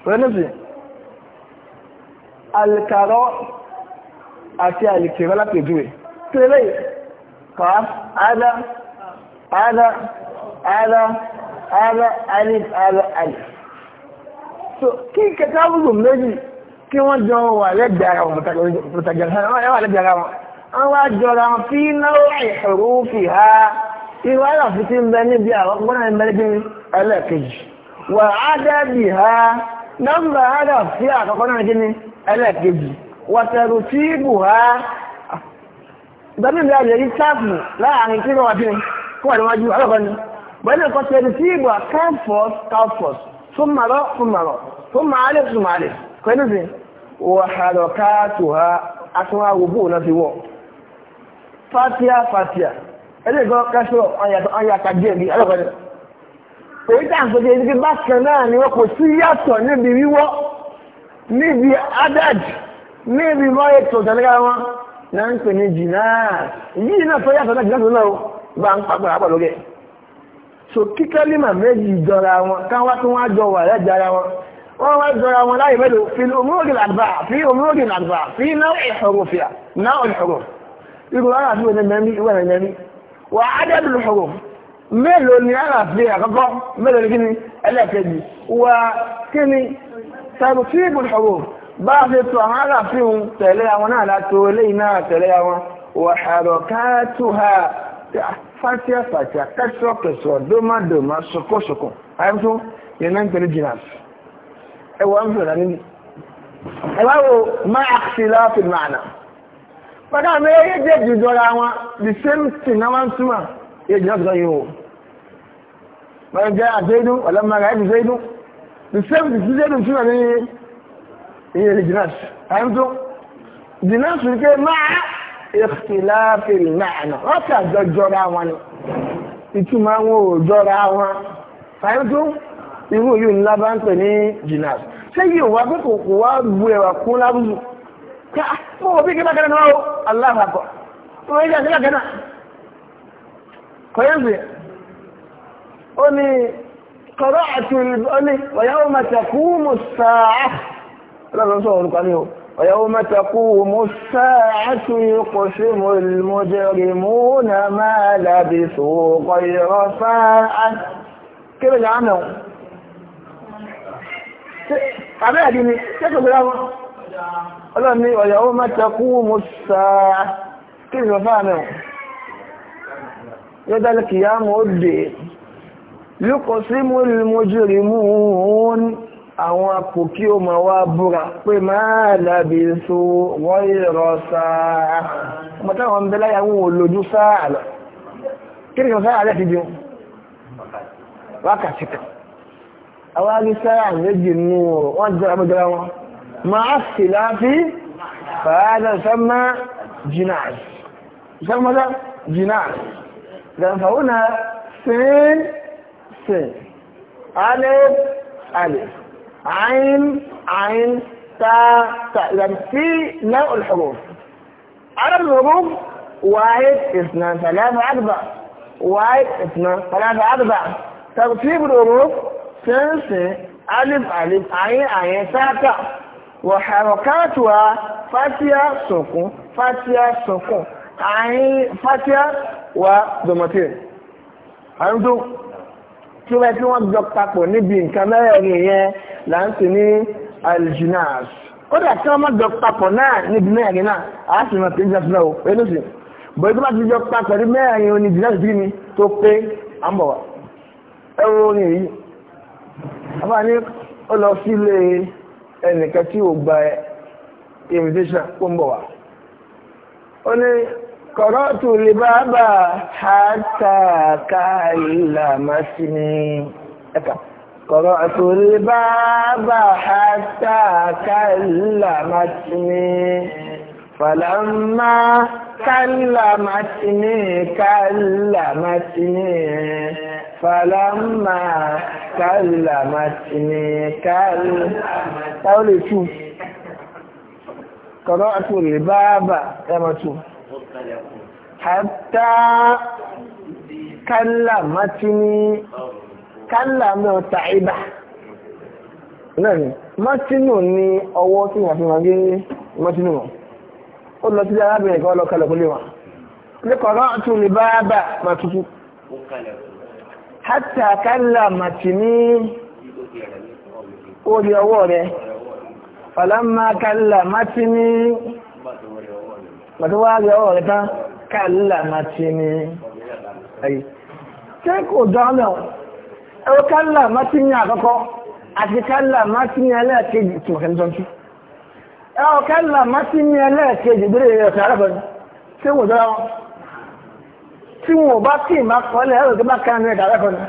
rẹ́nìsì alìkàrọ́ àti alìkìrọ́ lápèjúwe tí lè kàá ádá ádá ádá ádá ádá alif so kí kẹta búrú méjì kí wọ́n jọ wà lẹ́gbẹ̀ẹ́ ara wọn mọ̀tàjọ́ wà lẹ́gbẹ̀ẹ́ ara wọn wọ́n wá jọra wọn fi náwó ìṣòro fi ha ìwà àlàfi ti ń bẹ níbi àwọn gbọ́nà ìmẹ́lẹ́gbẹ́ ẹlẹ́ẹ̀kejì wà á dẹ́bi ha nọ́mbà àlàfi àkọ́kọ́ náà kí ni wà bí a lè rí When you consider comfort, comfort. ثم راء ثم راء ثم علف ثم علف وحركاتها أتوا وبونا في وو فاتيا فاتيا ele gan kẹsọ ọyà tàbí ẹbí alọ́kọ̀ọ́dẹ èyí tà ń sọ jẹ́ ibi bákan náà ni wọ́n kò sí yàtọ̀ níbi wíwọ́ níbi adad níbi mọ́ye tó tẹ̀lẹ́gá na so kíkẹ́ límà méjì jọra wọn káwá tí wọ́n jọ wà lẹ́jara wọn wọ́n wá jọra wọn láyé mẹ́lò fi omúrògì làgbà fi omúrògì làgbà fi náà ìṣòro fìyà náà ìṣòro irú aláàfin òní mẹ́mí ìwé rẹ̀ mẹ́mí wà á dẹ́bi ìṣòro mélòó ni aláàfin àkọ́kọ́ mélòó ni kíni ẹlẹ́ẹ̀kejì wà kíni tẹ̀rùfíìbù ìṣòro bá a fi tó àwọn aláàfin tẹ̀lé àwọn náà látò eléyìí náà tẹ̀lé àwọn wà àròkátù ha fatia fatia kasuwa kasuwa doma doma soko soko a yi fún yẹn náà ń pẹ̀lú jinas ẹwà ń fẹ̀rẹ̀ níbi ẹwà wo máa àkṣìlá fi màánà pàdé àmì ẹyẹ jẹ́ jùjọra wọn the same thing náà wọ́n túmọ̀ yẹ jìnnà tó yẹ o wọ́n jẹ́ àdéhùn ọ̀lọ́mọ̀ra ẹ̀ dìdéhùn the same thing tí jẹ́dùn túmọ̀ ní iye jinas a yi fún jinas máa ìkìláàfì ma'na wọ́n kàjọ jọra wọn ni ìtumọ̀ wọn ò jọra wọn fàyẹ̀tú irú yìí ńlá bá ń pè ní jinas ṣé yìí wà pé kò kò wá bu ẹ̀wà kún lábùsù ká mọ̀ wọ́n bí kí bákan náà o Allahu akbar wọ́n yẹ kí náà kọ́yẹ́sì ó ní kọ́rọ́ àti ó ní wọ̀yáwó màtàkùn mùsàá lọ́dọ̀ sọ̀rọ̀ nípa ní o. ويوم تقوم الساعة يقسم المجرمون ما لبثوا غير ساعة كيف العمل؟ عبيها كيف العمل؟ الله مني ويوم تقوم الساعة كيف فهمه؟ يدلك يا مدين يقسم المجرمون àwọn apò kí o mọ̀ wá búra pé máa lábí so wọ́n ìrọ̀ sáà mọ̀táwọn ń bẹ́lá yàwó olójú sáà lọ kí ni kan sáà rẹ̀ ti jẹun wákàtí kan àwọn arí sáà méjì nú wọ́n jẹ́ra mọ́ wọn máa sì láti fàádà sánmà jináàs عين عين تا تا يعني في نوع الحروف عدد الحروف واحد اثنان ثلاثة أربعة واحد اثنان ثلاثة أربعة ترتيب الحروف سنس ألف ألف عين عين تا تا وحركاتها فاتية سكون فاتية سكون عين فاتية وضمتين عندك tí wọ́n tí wọ́n jọ papọ̀ níbi nǹkan mẹ́rẹ̀ẹ̀rin yẹn là ń pè ní aljinas kódà tí wọ́n má jọ papọ̀ náà níbi mẹ́rẹ̀ẹ̀rin náà a sì mọ̀ pé jẹ́sùn náà ẹnu sí bọ̀ ìdí wọ́n ti jọ papọ̀ ní mẹ́rẹ̀ẹ̀rin oní jìnnà sí ni tó pé à ń bọ̀ wá ẹwọ́ orin yìí àbá ní ó lọ sílé ẹnìkan tí ò gba invitation kó ń bọ̀ wá ó ní قرأت لباب حتى كلمتني قرأت الباب حتى كلمتني فلما كلمتني كلمتني فلما كلمتني كلمتني قولي شوف قرأت الباب يا متوب Hatta kallamatini kallamọ ta'iba. Lẹ́ni, Martinu ni ọwọ́ tí wọ́n fi máa gé Martinu wọn. Ó lọ sí arábìnrin kan lọ kalẹ̀ kúlé wọn. Ní kọ̀rọ̀ tún ní bá bà máa tutù. Hatta kallamatini ó di ọwọ́ rẹ̀. Falamma kallamatini pàtó wá rí ọwọ́ rẹ̀ tán kàlílà máa ti ní ẹ̀yí tí kò dánlẹ̀ ẹ̀rọ kàlílà máa ti ní àkọ́kọ́ àti kàlílà máa ti ní ẹlẹ́ẹ̀kejì tí wọ́n tọ́jú ẹ̀rọ kàlílà máa ti ní ẹlẹ́ẹ̀kejì bí rẹ̀ ọ̀sẹ̀ arábẹ̀rẹ̀ tí wọ́n dọ́ra wọn tí wọ́n bá tì máa kọ́lẹ̀ ẹ̀rọ tó bá kàn ní ẹ̀dá arábẹ̀rẹ̀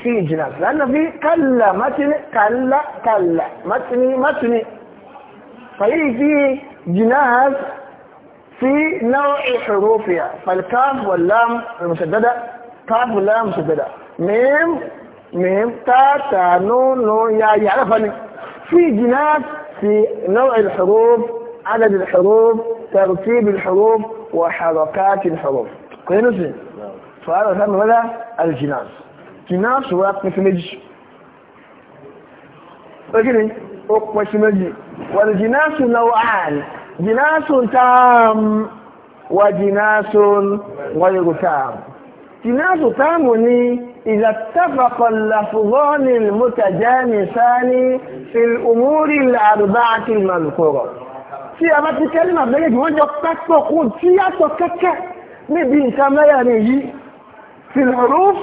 fi ìjìnà lánàá fi kàlílà máa ti ní kàlílà kàlílà máa ti ní máa ti ní fàyè fi jìnnà في نوع حروفها فالكاف واللام المشددة كاف واللام المشددة ميم ميم تا تا نون نون يا يعرفني في جناس في نوع الحروف عدد الحروف ترتيب الحروف وحركات الحروف كويس فهذا الفهم ماذا؟ الجناس جناس هو قسمج فكري هو قسمج والجناس نوعان جناس تام وجناس غير تام جناس تام إذا اتفق اللفظان المتجانسان في الأمور الأربعة المذكورة tí a bá في a كلمة méjèèjì wọ́n jọ في jo kún tí yàtọ̀ في الحروف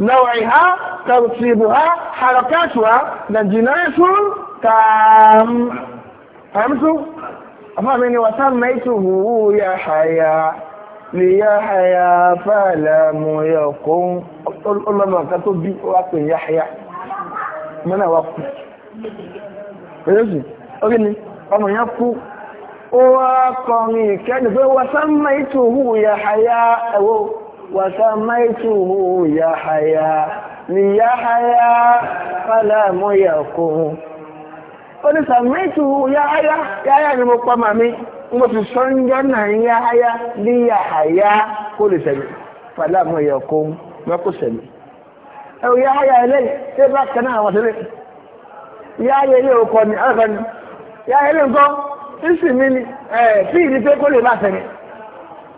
نوعها ترتيبها حركاتها لجناس تام فهمتوا afáàmì ni wàtá mẹ́tùhù ya àyà lè ya àyà fàlàmù ya kún ọlọ́mọ nǹkan tó bí wà pè ya àyà mọ́nà wà kú pẹ̀lẹ́sì orí ni ọmọ yẹn kú ó wá kọrin ìkẹ́ni pé wàtá mẹ́tùhù ya àyà ẹ̀wọ́ wàtá mẹ́tùhù ya àyà lè ya àyà fàlàmù ya kún ó ya sàmìtù ya haya ya mo ya màmí mo ti sọ ya jọ náà ya haya ní ya kó lè sẹ̀mí ya àmọ́ ìyá sami ya ya ya yáháyá eléyìí ṣé bá kan ya wọ́n ya ni ọ̀kan ni ya ilé ya ìsì mi ni fíì ni pé ya lè bá sẹ̀mí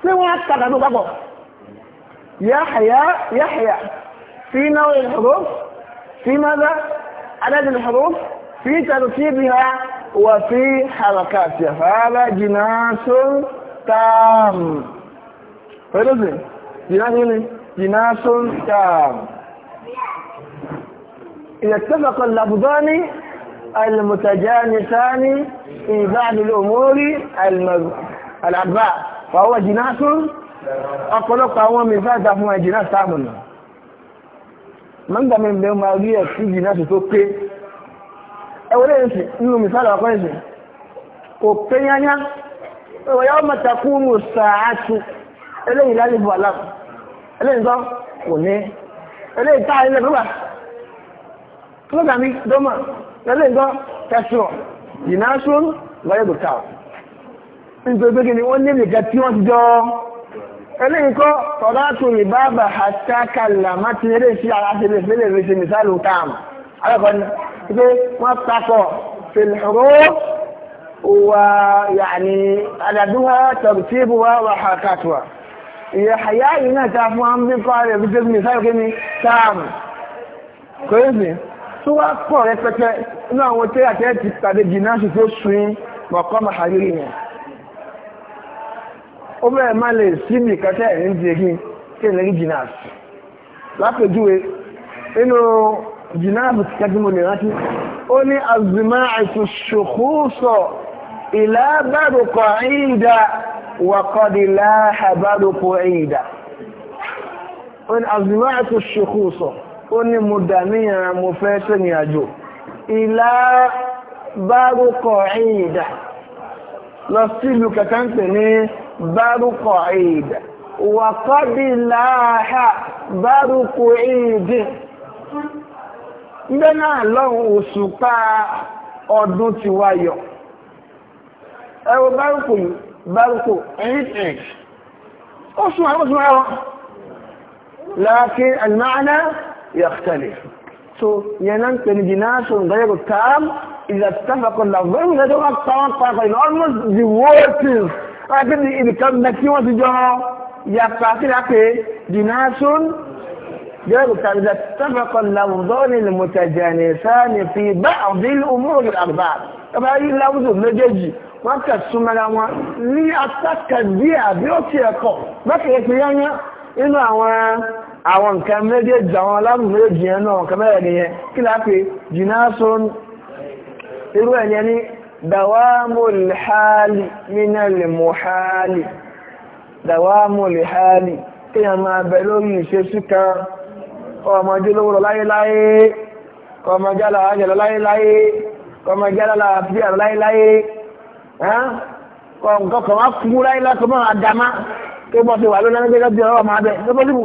ṣé wọ́n á ya ya ya ya fi náà ya fi في ترتيبها وفي حركاتها فهذا جناس تام فهذا جناس جناس تام إذا اتفق اللفظان المتجانسان في بعض الأمور المز... الأربع فهو جناس أقلق هو من فاتح هو جناس تام من ضمن بما يقول في جناس تقي ẹwọ́n lè ṣe nínú mìsàlẹ̀ ọkọ̀ ẹ̀ṣẹ̀ kò pé yányá ẹwọ́ yọ́ mọ̀tàkù mù sàátù eléyìí lálébù aláàbù eléyìí tó kò ní eléyìí tá ilẹ̀ gbígbà tó gbà mí dọ́mà eléyìí tó tẹ̀sùrọ̀ yìnà sún lọ́yẹ̀ dòkà nítorí pé kìnnì wọ́n níbi ìkẹ́ tí wọ́n ti jọ eléyìí kọ́ tọ́lá tó ní bá bàhátá má ti eré sí ara ṣe lè fẹ́lẹ̀ alákọ̀ọ́nà pé wọ́n papọ̀ fìlìró wà yàní àdàdúwà tọ̀bùtìbùwà wà hàkàtùwà ìyẹ̀ àyà yìí náà ta fún wọn bí kọ́ rẹ̀ bí tẹ́sí sáyẹ̀ kí ni sáàmù kò yé sí tó wá pọ̀ rẹpẹtẹ inú àwọn tẹ́lẹ̀ àti ẹ̀tì tàbí jìnnà sì tó sùn mọ̀kọ́ màhàrírí yẹn ó bẹ̀rẹ̀ má lè síbi kẹtẹ́ ẹ̀rín ti kí kí ẹ̀rín jìnnà sí lápèjúwe nínú جناح بسكتم ونراتي أني الزماعة الشخوص إلى بعد قعيدة وقد لاح بعد قعيدة أني الزماعة الشخوص أني مدامية مفاتة نياجو إلى بعد قعيدة نصيبه كتنك بعد قعيدة وقد لاح بعد قعيدة ǹjẹ́ náà lọ́hun òṣùpá ọdún ti wá yọ ẹwọ bárùkù bárùkù ẹ̀yìn ó so yẹn náà ń pè ní jìnnáṣò ìgbẹ́yẹ̀kù tààm ìzàtàfàkọ̀ làbẹ́rù lẹ́jọ́ wá pàwọn pàápàá in almost the whole thing láti ibìkan mẹ́kí wọ́n ti غير كذا اتفق اللفظان المتجانسان في بعض الامور الاربعه طبعا yìí láwùjọ méjèèjì wọ́n kẹ̀ súnmọ́ra wọn ní atákẹ̀ díẹ̀ bí ó ti ẹ̀kọ́ mẹ́kẹ̀ẹ́ ti yányá inú àwọn àwọn nǹkan méjèèjì àwọn aláàrùn méjèèjì yẹn náà nǹkan mẹ́rẹ̀ nìyẹn kí láti jìnnà sún irú ẹ̀yẹ ní dawamul hali minal muhali dawamul hali kí a máa bẹ lórí ìṣesí kan ọmọdé lówó láyéláyé kọmọjálà àjẹlọ láyéláyé kọmọjálà làbíyà láyéláyé kọ̀ǹkan kan wá kú láyéláyé kọmọ àdàmá tó bọ́ ti wà ló lẹ́nu gẹ́gẹ́ bí ọwọ́ máa bẹ lọ́pọ̀ síbù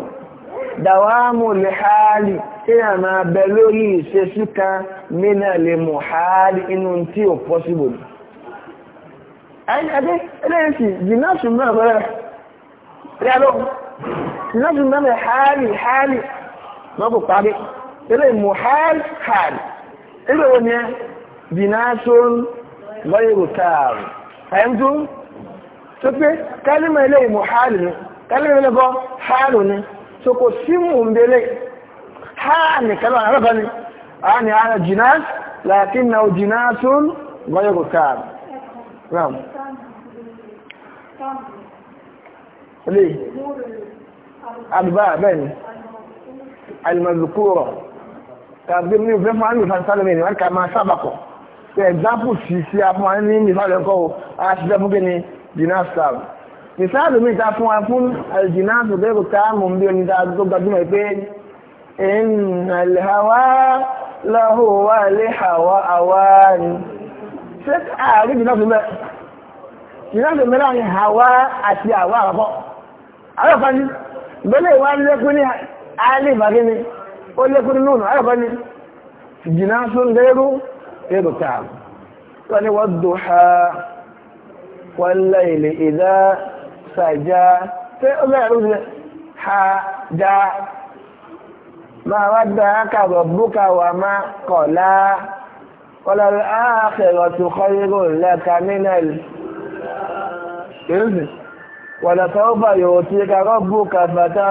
dàwámù lè hálì tí a máa bẹ lórí ìṣesí kan mínà lè mọ̀ hálì inú tí ò pọ́síbò ní ẹgbẹ́ ẹlẹ́yìnsì jìnnà ṣùgbọ́n rẹ̀ rẹ̀ lọ jìnnà ṣùgbọ́n rẹ̀ hálì hálì wọ́n kò parí ilé muhal hal ilé wo ni binatun lọ́yẹ̀rù káàrù ẹ̀ńdú tó pé kálímà ilé muhal ni kálímà ilé kọ́ hal ni so kò sí mú ń belé hal ni kálímà arábà ni a ni alimazukuro tàbí ní ìfẹ́ fún àmì ìfàǹsálẹ̀mì ìwọ̀n ká máa sábàkọ̀ pé example sì sí apọ̀ wọn ní ìfàlẹ̀ ọkọ̀ o a ti dẹ́kun kí ni dinar star ìsáàlù mi ta fún wa fún aljinas òbẹ́rù ká mọ̀ bí oní ta tó gbajúmọ̀ pé ìnàlẹ̀hàwá lọ́hùwà lẹ́hàwá àwárí ṣé ààrí dinar tó bẹ́ẹ̀ dinar tó mẹ́rin àwa àti àwa àpapọ̀ àwọn kan ní ìgbélé alif agini ó lékún nínú àyàbá ni jìnà sún lérú èrò tààmù wọ́n ni wọ́n dùn ha wọ́n lẹ́yìn ìdá sàjá tẹ́ ó bẹ̀rẹ̀ lóṣù ha já máa wá dá kàbọ̀ búkà wà má kọ̀lá kọ̀lá ààkẹ̀rọ̀ tó kọ́rírò lẹ́ka nínà ìlú wọ̀lẹ̀ bá yóò ti kàrọ̀ búkà bàtà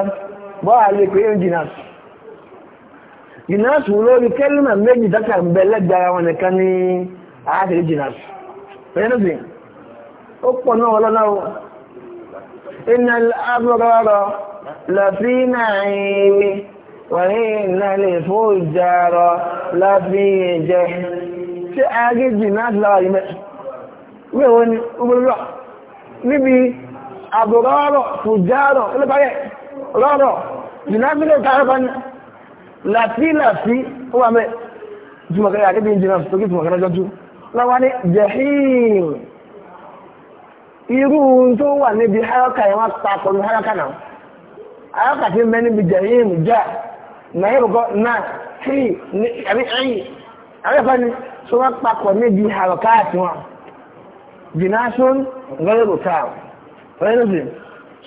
bọ́wà lè pé yóò jìnà jìnà sùn lórí kẹ́lìmà méjì dákà ń bẹ lẹ́gbàra wọn nìkan ní àáṣẹ́ jìnà pẹ̀lẹ́sìn ó pọ̀ náà ọlọ́nà o iná abúrọ̀rọ̀ lọ́fí náà ìwé wọ̀nyí iná lè fún ìjàrọ̀ lọ́fí ìjẹ́ àbúrọ̀rọ̀ fùjárọ̀ ẹlẹ́pàá yẹn rọ́rọ̀ ìnáfílẹ̀ káàkọ́ ní látíláàtí ó wà mẹ́ jùmọ̀kẹ́ àkébí ìjìnà tó kí jùmọ̀kẹ́ lọ́jọ́jú lọ́wọ́ ní jẹ̀hìn irú tó wà níbi háyọ́kà yẹn wá papọ̀ ní háyọ́kà náà háyọ́kà tí mẹ́ níbi jẹ̀hìn já nàírùkọ́ náà tí àbí ẹ̀yìn àbẹ́fẹ́ ni tó wá papọ̀ níbi háyọ́kà àti wọn jìnà sún rẹ́rù káà rẹ́rù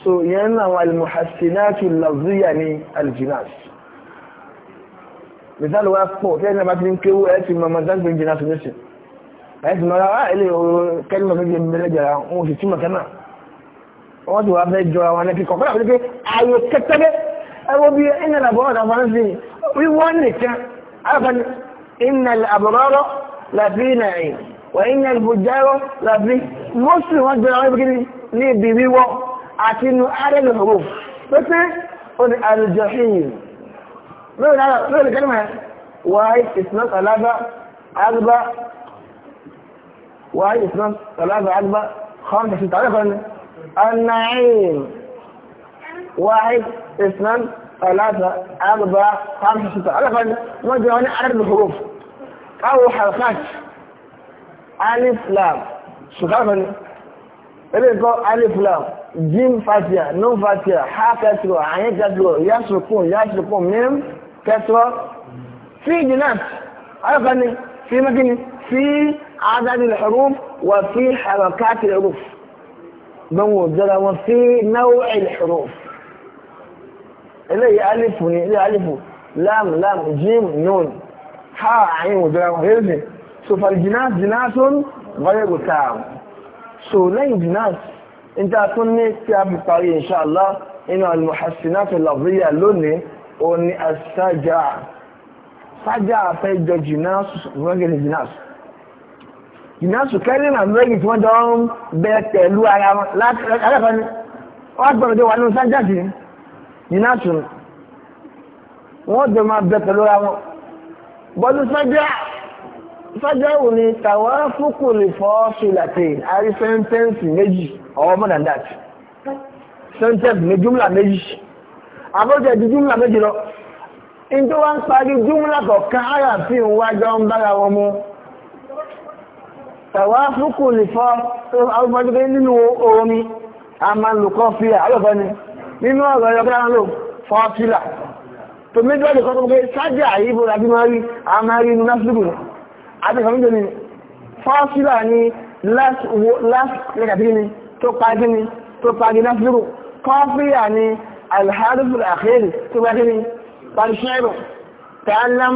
سوين او المحسنات اللفظية يعني الجناس مثال هو فوق يعني ما تبين كيو اتي ما مدان بين جناس نسي بس ما راه اللي كلمة بيجي من رجع او تتما كمان او دو ابي جوا وانا في كوكرا بيجي اي كتبه او بي ان انا بقول انا فرنسي وي وانك عارف ان الابرار لا في نعيم وان الفجار لا في مصر وانت عارف كده ليه و àti inú ààrẹ́lẹ̀ òwò tó tẹ́ ó ní àlùjọ̀hìn lórí kẹ́lìmọ̀ why is not alaba agba why is خمسة النعيم واحد اثنان ثلاثة أربعة خمسة ستة عرفا مجرد الحروف أو حركات ألف لام شكرا إليكم ألف لام jim fatia nun fatia ha kẹtùrọ̀ àyín kẹtùrọ̀ yásùkùn yásùkùn mím kẹtùrọ̀ fi jìnnàt ọ̀rọ̀kan ni fi mẹ́kìnni fi àádájú al-huruf wà fi harakat al-huruf gbọ́nwò jọra wọn fi náwó al-huruf eléyìí alifu ni eléyìí alifu lam lam jim nun ha àyín wò jọra wọn yéèzì so fal jìnnàt jìnnàtún gọ́yẹ̀gù tààmù so lẹ́yìn jìnnàt níta tún ní tí a bí parí inṣàlá inú al-muhassinatu al-lafziyya lónìí ó ní asájà sájà fẹ́ jọ jìnásù rẹ́gẹ̀lì jìnásù jìnásù kẹ́rin náà rẹ́gì tí wọ́n jọ ń bẹ pẹ̀lú ara wọn látàkọ́ni wọ́n gbọ́dọ̀ dé sájáwò ni tàwa fúkù lè fọ́ sílàtì àrí sẹ́ńtẹ́ǹsì méjì ọwọ́ mọ́nà dáàtì sẹ́ńtẹ́ǹsì ní júmùlà méjì àbọ̀jẹ̀ di júmùlà méjì lọ nítorí wá ń parí júmùlà kọ̀ọ̀kan ara fi ń wájọ́ ń bára wọn mú tàwa fúkù lè fọ́ ọmọdé nínú omi a máa lò kọ́ fílà alọ́fẹ́ ni nínú ọ̀rọ̀ ẹ̀rọ kí a lò fọ́ fílà tòmídọ́ọ̀lù kọ́ tó gbé sájà àyíbó làbí máa rí a máa rí inú lásìkò náà àti ìfọ̀míjọ ni fásilà ni last rẹ̀kàtí ni tó pàdé ni tó pàdé násìrò kọfíà ni alhárùfù àkèrè tó pàdé ni pàdé ṣẹ́rù tààlám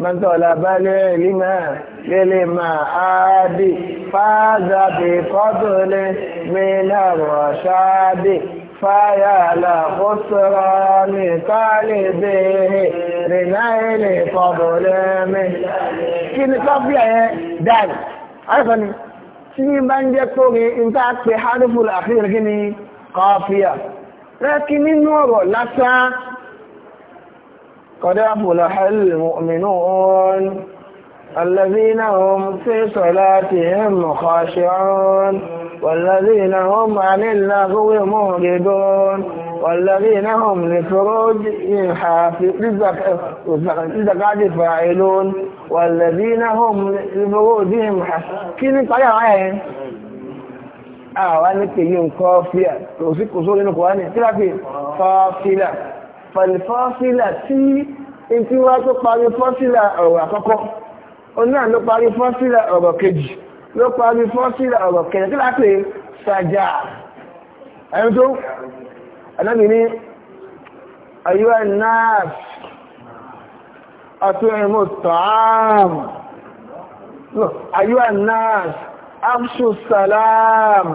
mọ́tọ́lá bá lẹ́ẹ̀lì máa lẹ́lẹ́ máa áádé fáàzàbì kọ́tọ̀lẹ́ mẹ́lẹ́rọ̀ ṣáádé fáyàlá kọ́sọ̀rọ̀ mi káàlẹ̀ bẹ́ẹ̀ rìnáìlẹ̀ kọ́bọ̀lẹ́ mi. kí ni kọ́fí ẹ̀yẹ dáì arẹ́fẹ́ ni tí ní bá ń قد أفلح المؤمنون الذين هم في صلاتهم خاشعون والذين هم عن اللغو معرضون والذين هم لفروج لزكاة فاعلون والذين هم لفروجهم كيف طيب عين àwọn ní kèyí nǹkan fíà tó sí kò sórí nínú kò fàlìfọ́sílà tí ìtí wá tó parí fọ́sílà ọ̀rọ̀ àkọ́kọ́ onáà ló parí fọ́sílà ọ̀rọ̀ kejì ló parí fọ́sílà ọ̀rọ̀ kejì kí láti sàjà ẹni tó anábì ní ayúwà náà ọ̀tún ẹ̀mú tààmù ayúwà náà afṣù sàlámù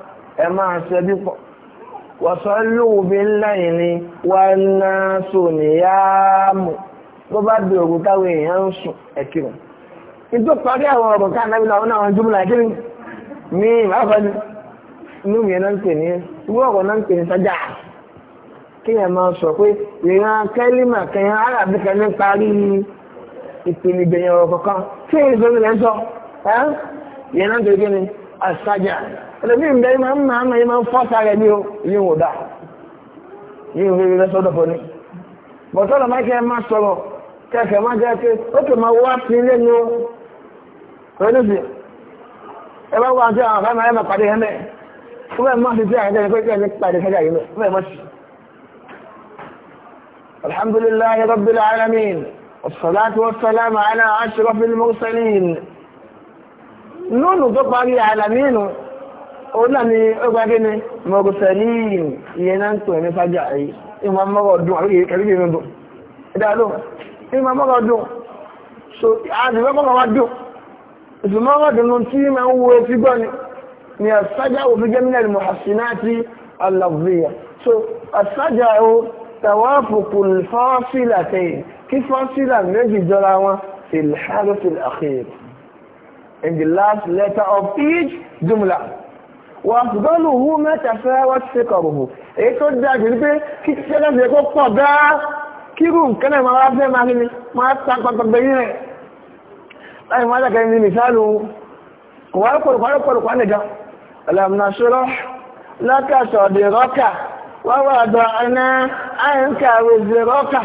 ẹ máa ṣe bí pọ̀ wọ̀sọ́lù bí lẹ́yìn ni wọ́n ná sùn níyàmù bó bá di ògùn táwọn èèyàn ń sùn ẹ̀kírun ìjọ parí àwọn ọ̀rọ̀ ká náà náà náà wọn jùmọ̀lá kí ni àfẹ́ni inú mi náà ń pè ní ìwé ọ̀rọ̀ náà ń pè ní sájà kí yẹn máa sọ pé ìran kẹ́límà kẹyàn árabi kan ní parí ìpele ìgbẹ̀yìn ọ̀rọ̀ kọ̀ọ̀kan kí èyí sọ ní lẹ́sọ̀ ẹ́ yẹn náà ń pè ní àsájà ẹlẹ́mí ìgbà yìí máa ń máa ń máa ń fọ́ta rẹ̀ ní o yìí wò dá yìí wò rí lẹ́sọ̀dọ̀ fún ni bọ̀tọ́lọ̀ máa kẹ́ máa sọ̀rọ̀ kẹ́kẹ́ máa jẹ́ pé ó kì máa wá sí ilé ní o oníṣì ẹ bá wà sí àwọn àfẹ́mọ̀ ẹ̀ máa pàdé ẹ̀ mẹ́ fún ẹ̀ máa ti sí àwọn ẹ̀jẹ̀ pé kẹ́ ẹ̀ ní pàdé òun náà ni ó gba kí ni mọ̀gùsẹ̀líìn ìyẹn náà ń pè ní fájà yìí ìmọ̀ mọ́rọ̀ dùn àbí so àdìbẹ́ mọ́rọ̀ wá dùn ìsùmọ́rọ̀ dùn tí ma ń wo ni ni àṣájà òfin jẹ́mínà ni muhasinati so àṣájà o tàwáfùkù fọ́sílà tẹ̀yìn kí fọ́sílà méjì jọra wọn fil the last letter of each jumla wàgbọ́nù hú mẹ́ta fẹ́ wá ṣe kọ̀rùhù èyí tó dájú wípé kí tí ṣẹ́lẹ̀ fi kó pọ̀ dáa kírù kẹ́lẹ̀ máa wá fẹ́ máa nílé máa ta pàpàgbé yìí rẹ̀ láì máa dákẹ́ ní mìsálù kọ̀wárọ̀kọ̀rọ̀kọ̀rọ̀kọ̀ nìkan alamnasọ́rọ̀ lákàtọ̀dẹ̀ rọ́kà wáwàdọ̀ ẹ̀nà àyíkàwèzẹ̀ rọ́kà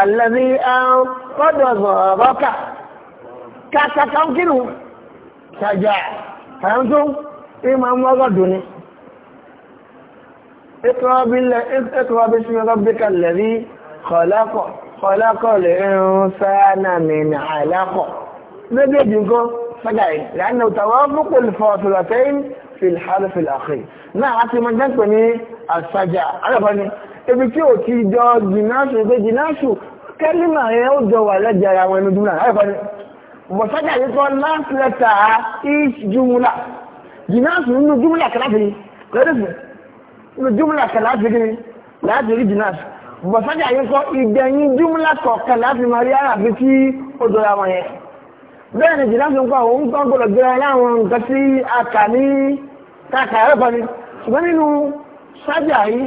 alẹ́bí àwọn kọ́dọ̀zọ̀ rọ́kà kàtàkà kírù imam wagadu ni ikọ̀ọ̀bí sí rọ́bíkà lẹ́rí kọ̀lákọ̀ lè rún sáánà mìíràn àìlákọ̀ méjèèjì nǹkan fẹ́dà ẹ̀ lẹ́nà òtàwọ́ púpọ̀ fọ́ọ̀tùlọ̀tẹ́yìn fìlhálùfìlàkì náà a ti mọ́ jẹ́ ní àṣàjà alábọ́ni ibi tí ò ti jọ jìnáṣù pé jìnáṣù kẹ́límà yẹn ó jọ wà lẹ́jẹ̀ ara wọn ẹnu jùmùlà alábọ́ni bọ̀sájà yìí last letter each jùmùlà jìnàṣù nínú jùmùlà kàláfìrí kọ́lẹ́fù nínú jùmùlà kàláfìrí láti rí jìnàṣù bọ̀sájà yìí kọ́ ìgbẹ̀yìn jùmùlà kọ̀ọ̀kan láti máa rí àràfi tí ó dọ̀ra wọn yẹn bẹ́ẹ̀ ni jìnàṣù ń kọ́ òun kọ́ gbọ́dọ̀ gbé ara àwọn nǹkan tí a kà ní káàkà ẹ̀rọ kan ni ṣùgbọ́n nínú sájà yìí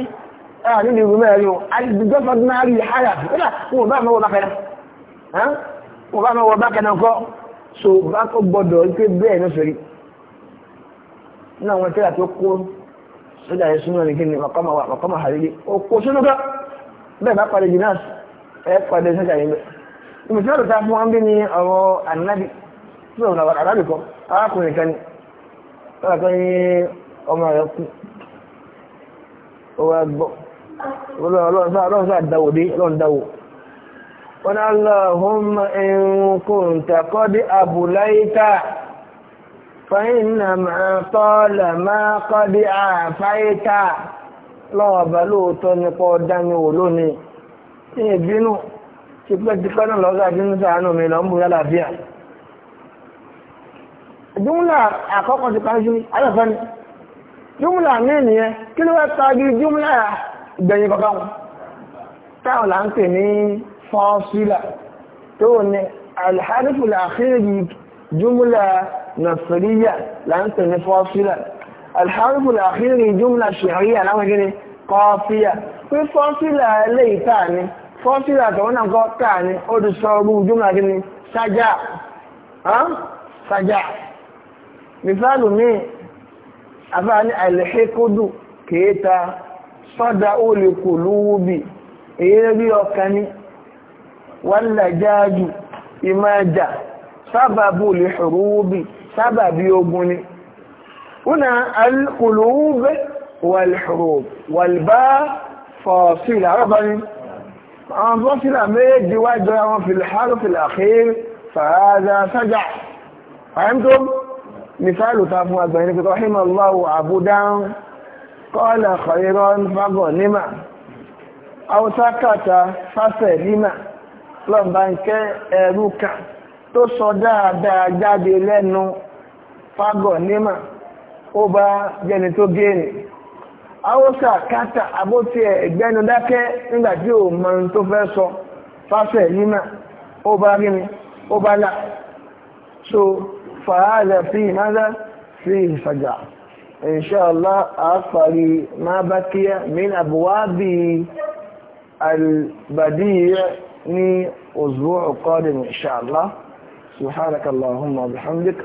ẹ̀rọ nínú ìwé mẹ́rin o àdìgbẹ́fọdúnárì àràfi kódà wọn ò bá mọ́wọ́ bákẹ́ná wọn bá mọ́wọ́ bákẹ́ná kọ́ so bá kọ́ gbọ́dọ̀ wípé bẹ́ẹ̀ náà nínú àwọn tẹ́lá tó kó sójà yẹn súnmọ́ ní kíni màkọ́mà àrírí ó kó sónú ká bẹ́ẹ̀ bá parí jù ẹ parí sójà yẹn bẹ́ẹ̀ ìmùsùn àdùtà fún wọn bí ní ọ̀rọ̀ ànábì tí wọn làwọn àrábì kọ arákùnrin kan ní wọn ní ọmọ rẹ kú ó wá ọlọ́run sáà dáwò dé ọlọ́run dáwò wọn ni aláhùn ẹ̀rùn kò ń tàkọ́ dé àbùláyíká فإنما قال ما قد عافيت lọ́ọ̀bà lóòótọ́ nípa ọ̀dání wò lónìí ní ìbínú ti pẹ́ ti pẹ́ náà lọ́gá ìbínú sàánù mi lọ ń bùrẹ́ làbíà jùmùlà àkọ́kọ́ ti pàṣẹ alẹ́fẹ́ni jùmùlà ní ènìyàn kí ló wẹ́ tagi jùmùlà ìgbẹ̀yìn kọ̀ọ̀kan táwọn là ń pè ní fọ́ọ̀sílà tó ní alhárifùlà àkírí jùmùlà nasiriya láńpẹ̀ ní fọ́fílà alhárùkù làkírí jùmlà ṣàríyà láwọn gíní kọfíà pé fọ́fílà ilé ìta ni fọ́fílà tọ́wọ́n náà kọ́ tà ní ó ti sọ ọgbù jùmlà gíní sájá sájá misalu mi afáàní alhikudu kéta sọ́dá olùkù lúwúbì èyí rí ọkàn ní wọ́n làjáàjù ìmájà sábàbù lè ṣòro wúbì sábàbí ogun ni una alkulube walhurub walba fọ́sílà rọ́bani àwọn fọ́sílà méjì wájọ́ àwọn filharu filahir fàáza sájà fahimto misalu ta fún agbẹ̀rin pẹ̀lú rahimallahu abudan kọ́lá khairan fagon nima autakata fásẹ̀ nima lọ́nbànkẹ́ ẹrúkà tó sọ dáadáa jáde lẹ́nu fagọ̀ nímà ó bá jẹni tó géèrè haúsá kátà àbótiẹ̀ ìgbẹ́nu dákẹ́ nígbà tí ò mọ ohun tó fẹ́ sọ fáfẹ̀ nímà ó bá rí mi ó bá là so fàáza fi mada fi ìfàjà inṣàlá àfàrí máa bá kíyà min àbúwábì albadiyya ní òzúwọ̀ ọ̀kọ́dẹ̀ inṣàlá subhanakallahumma bihamdika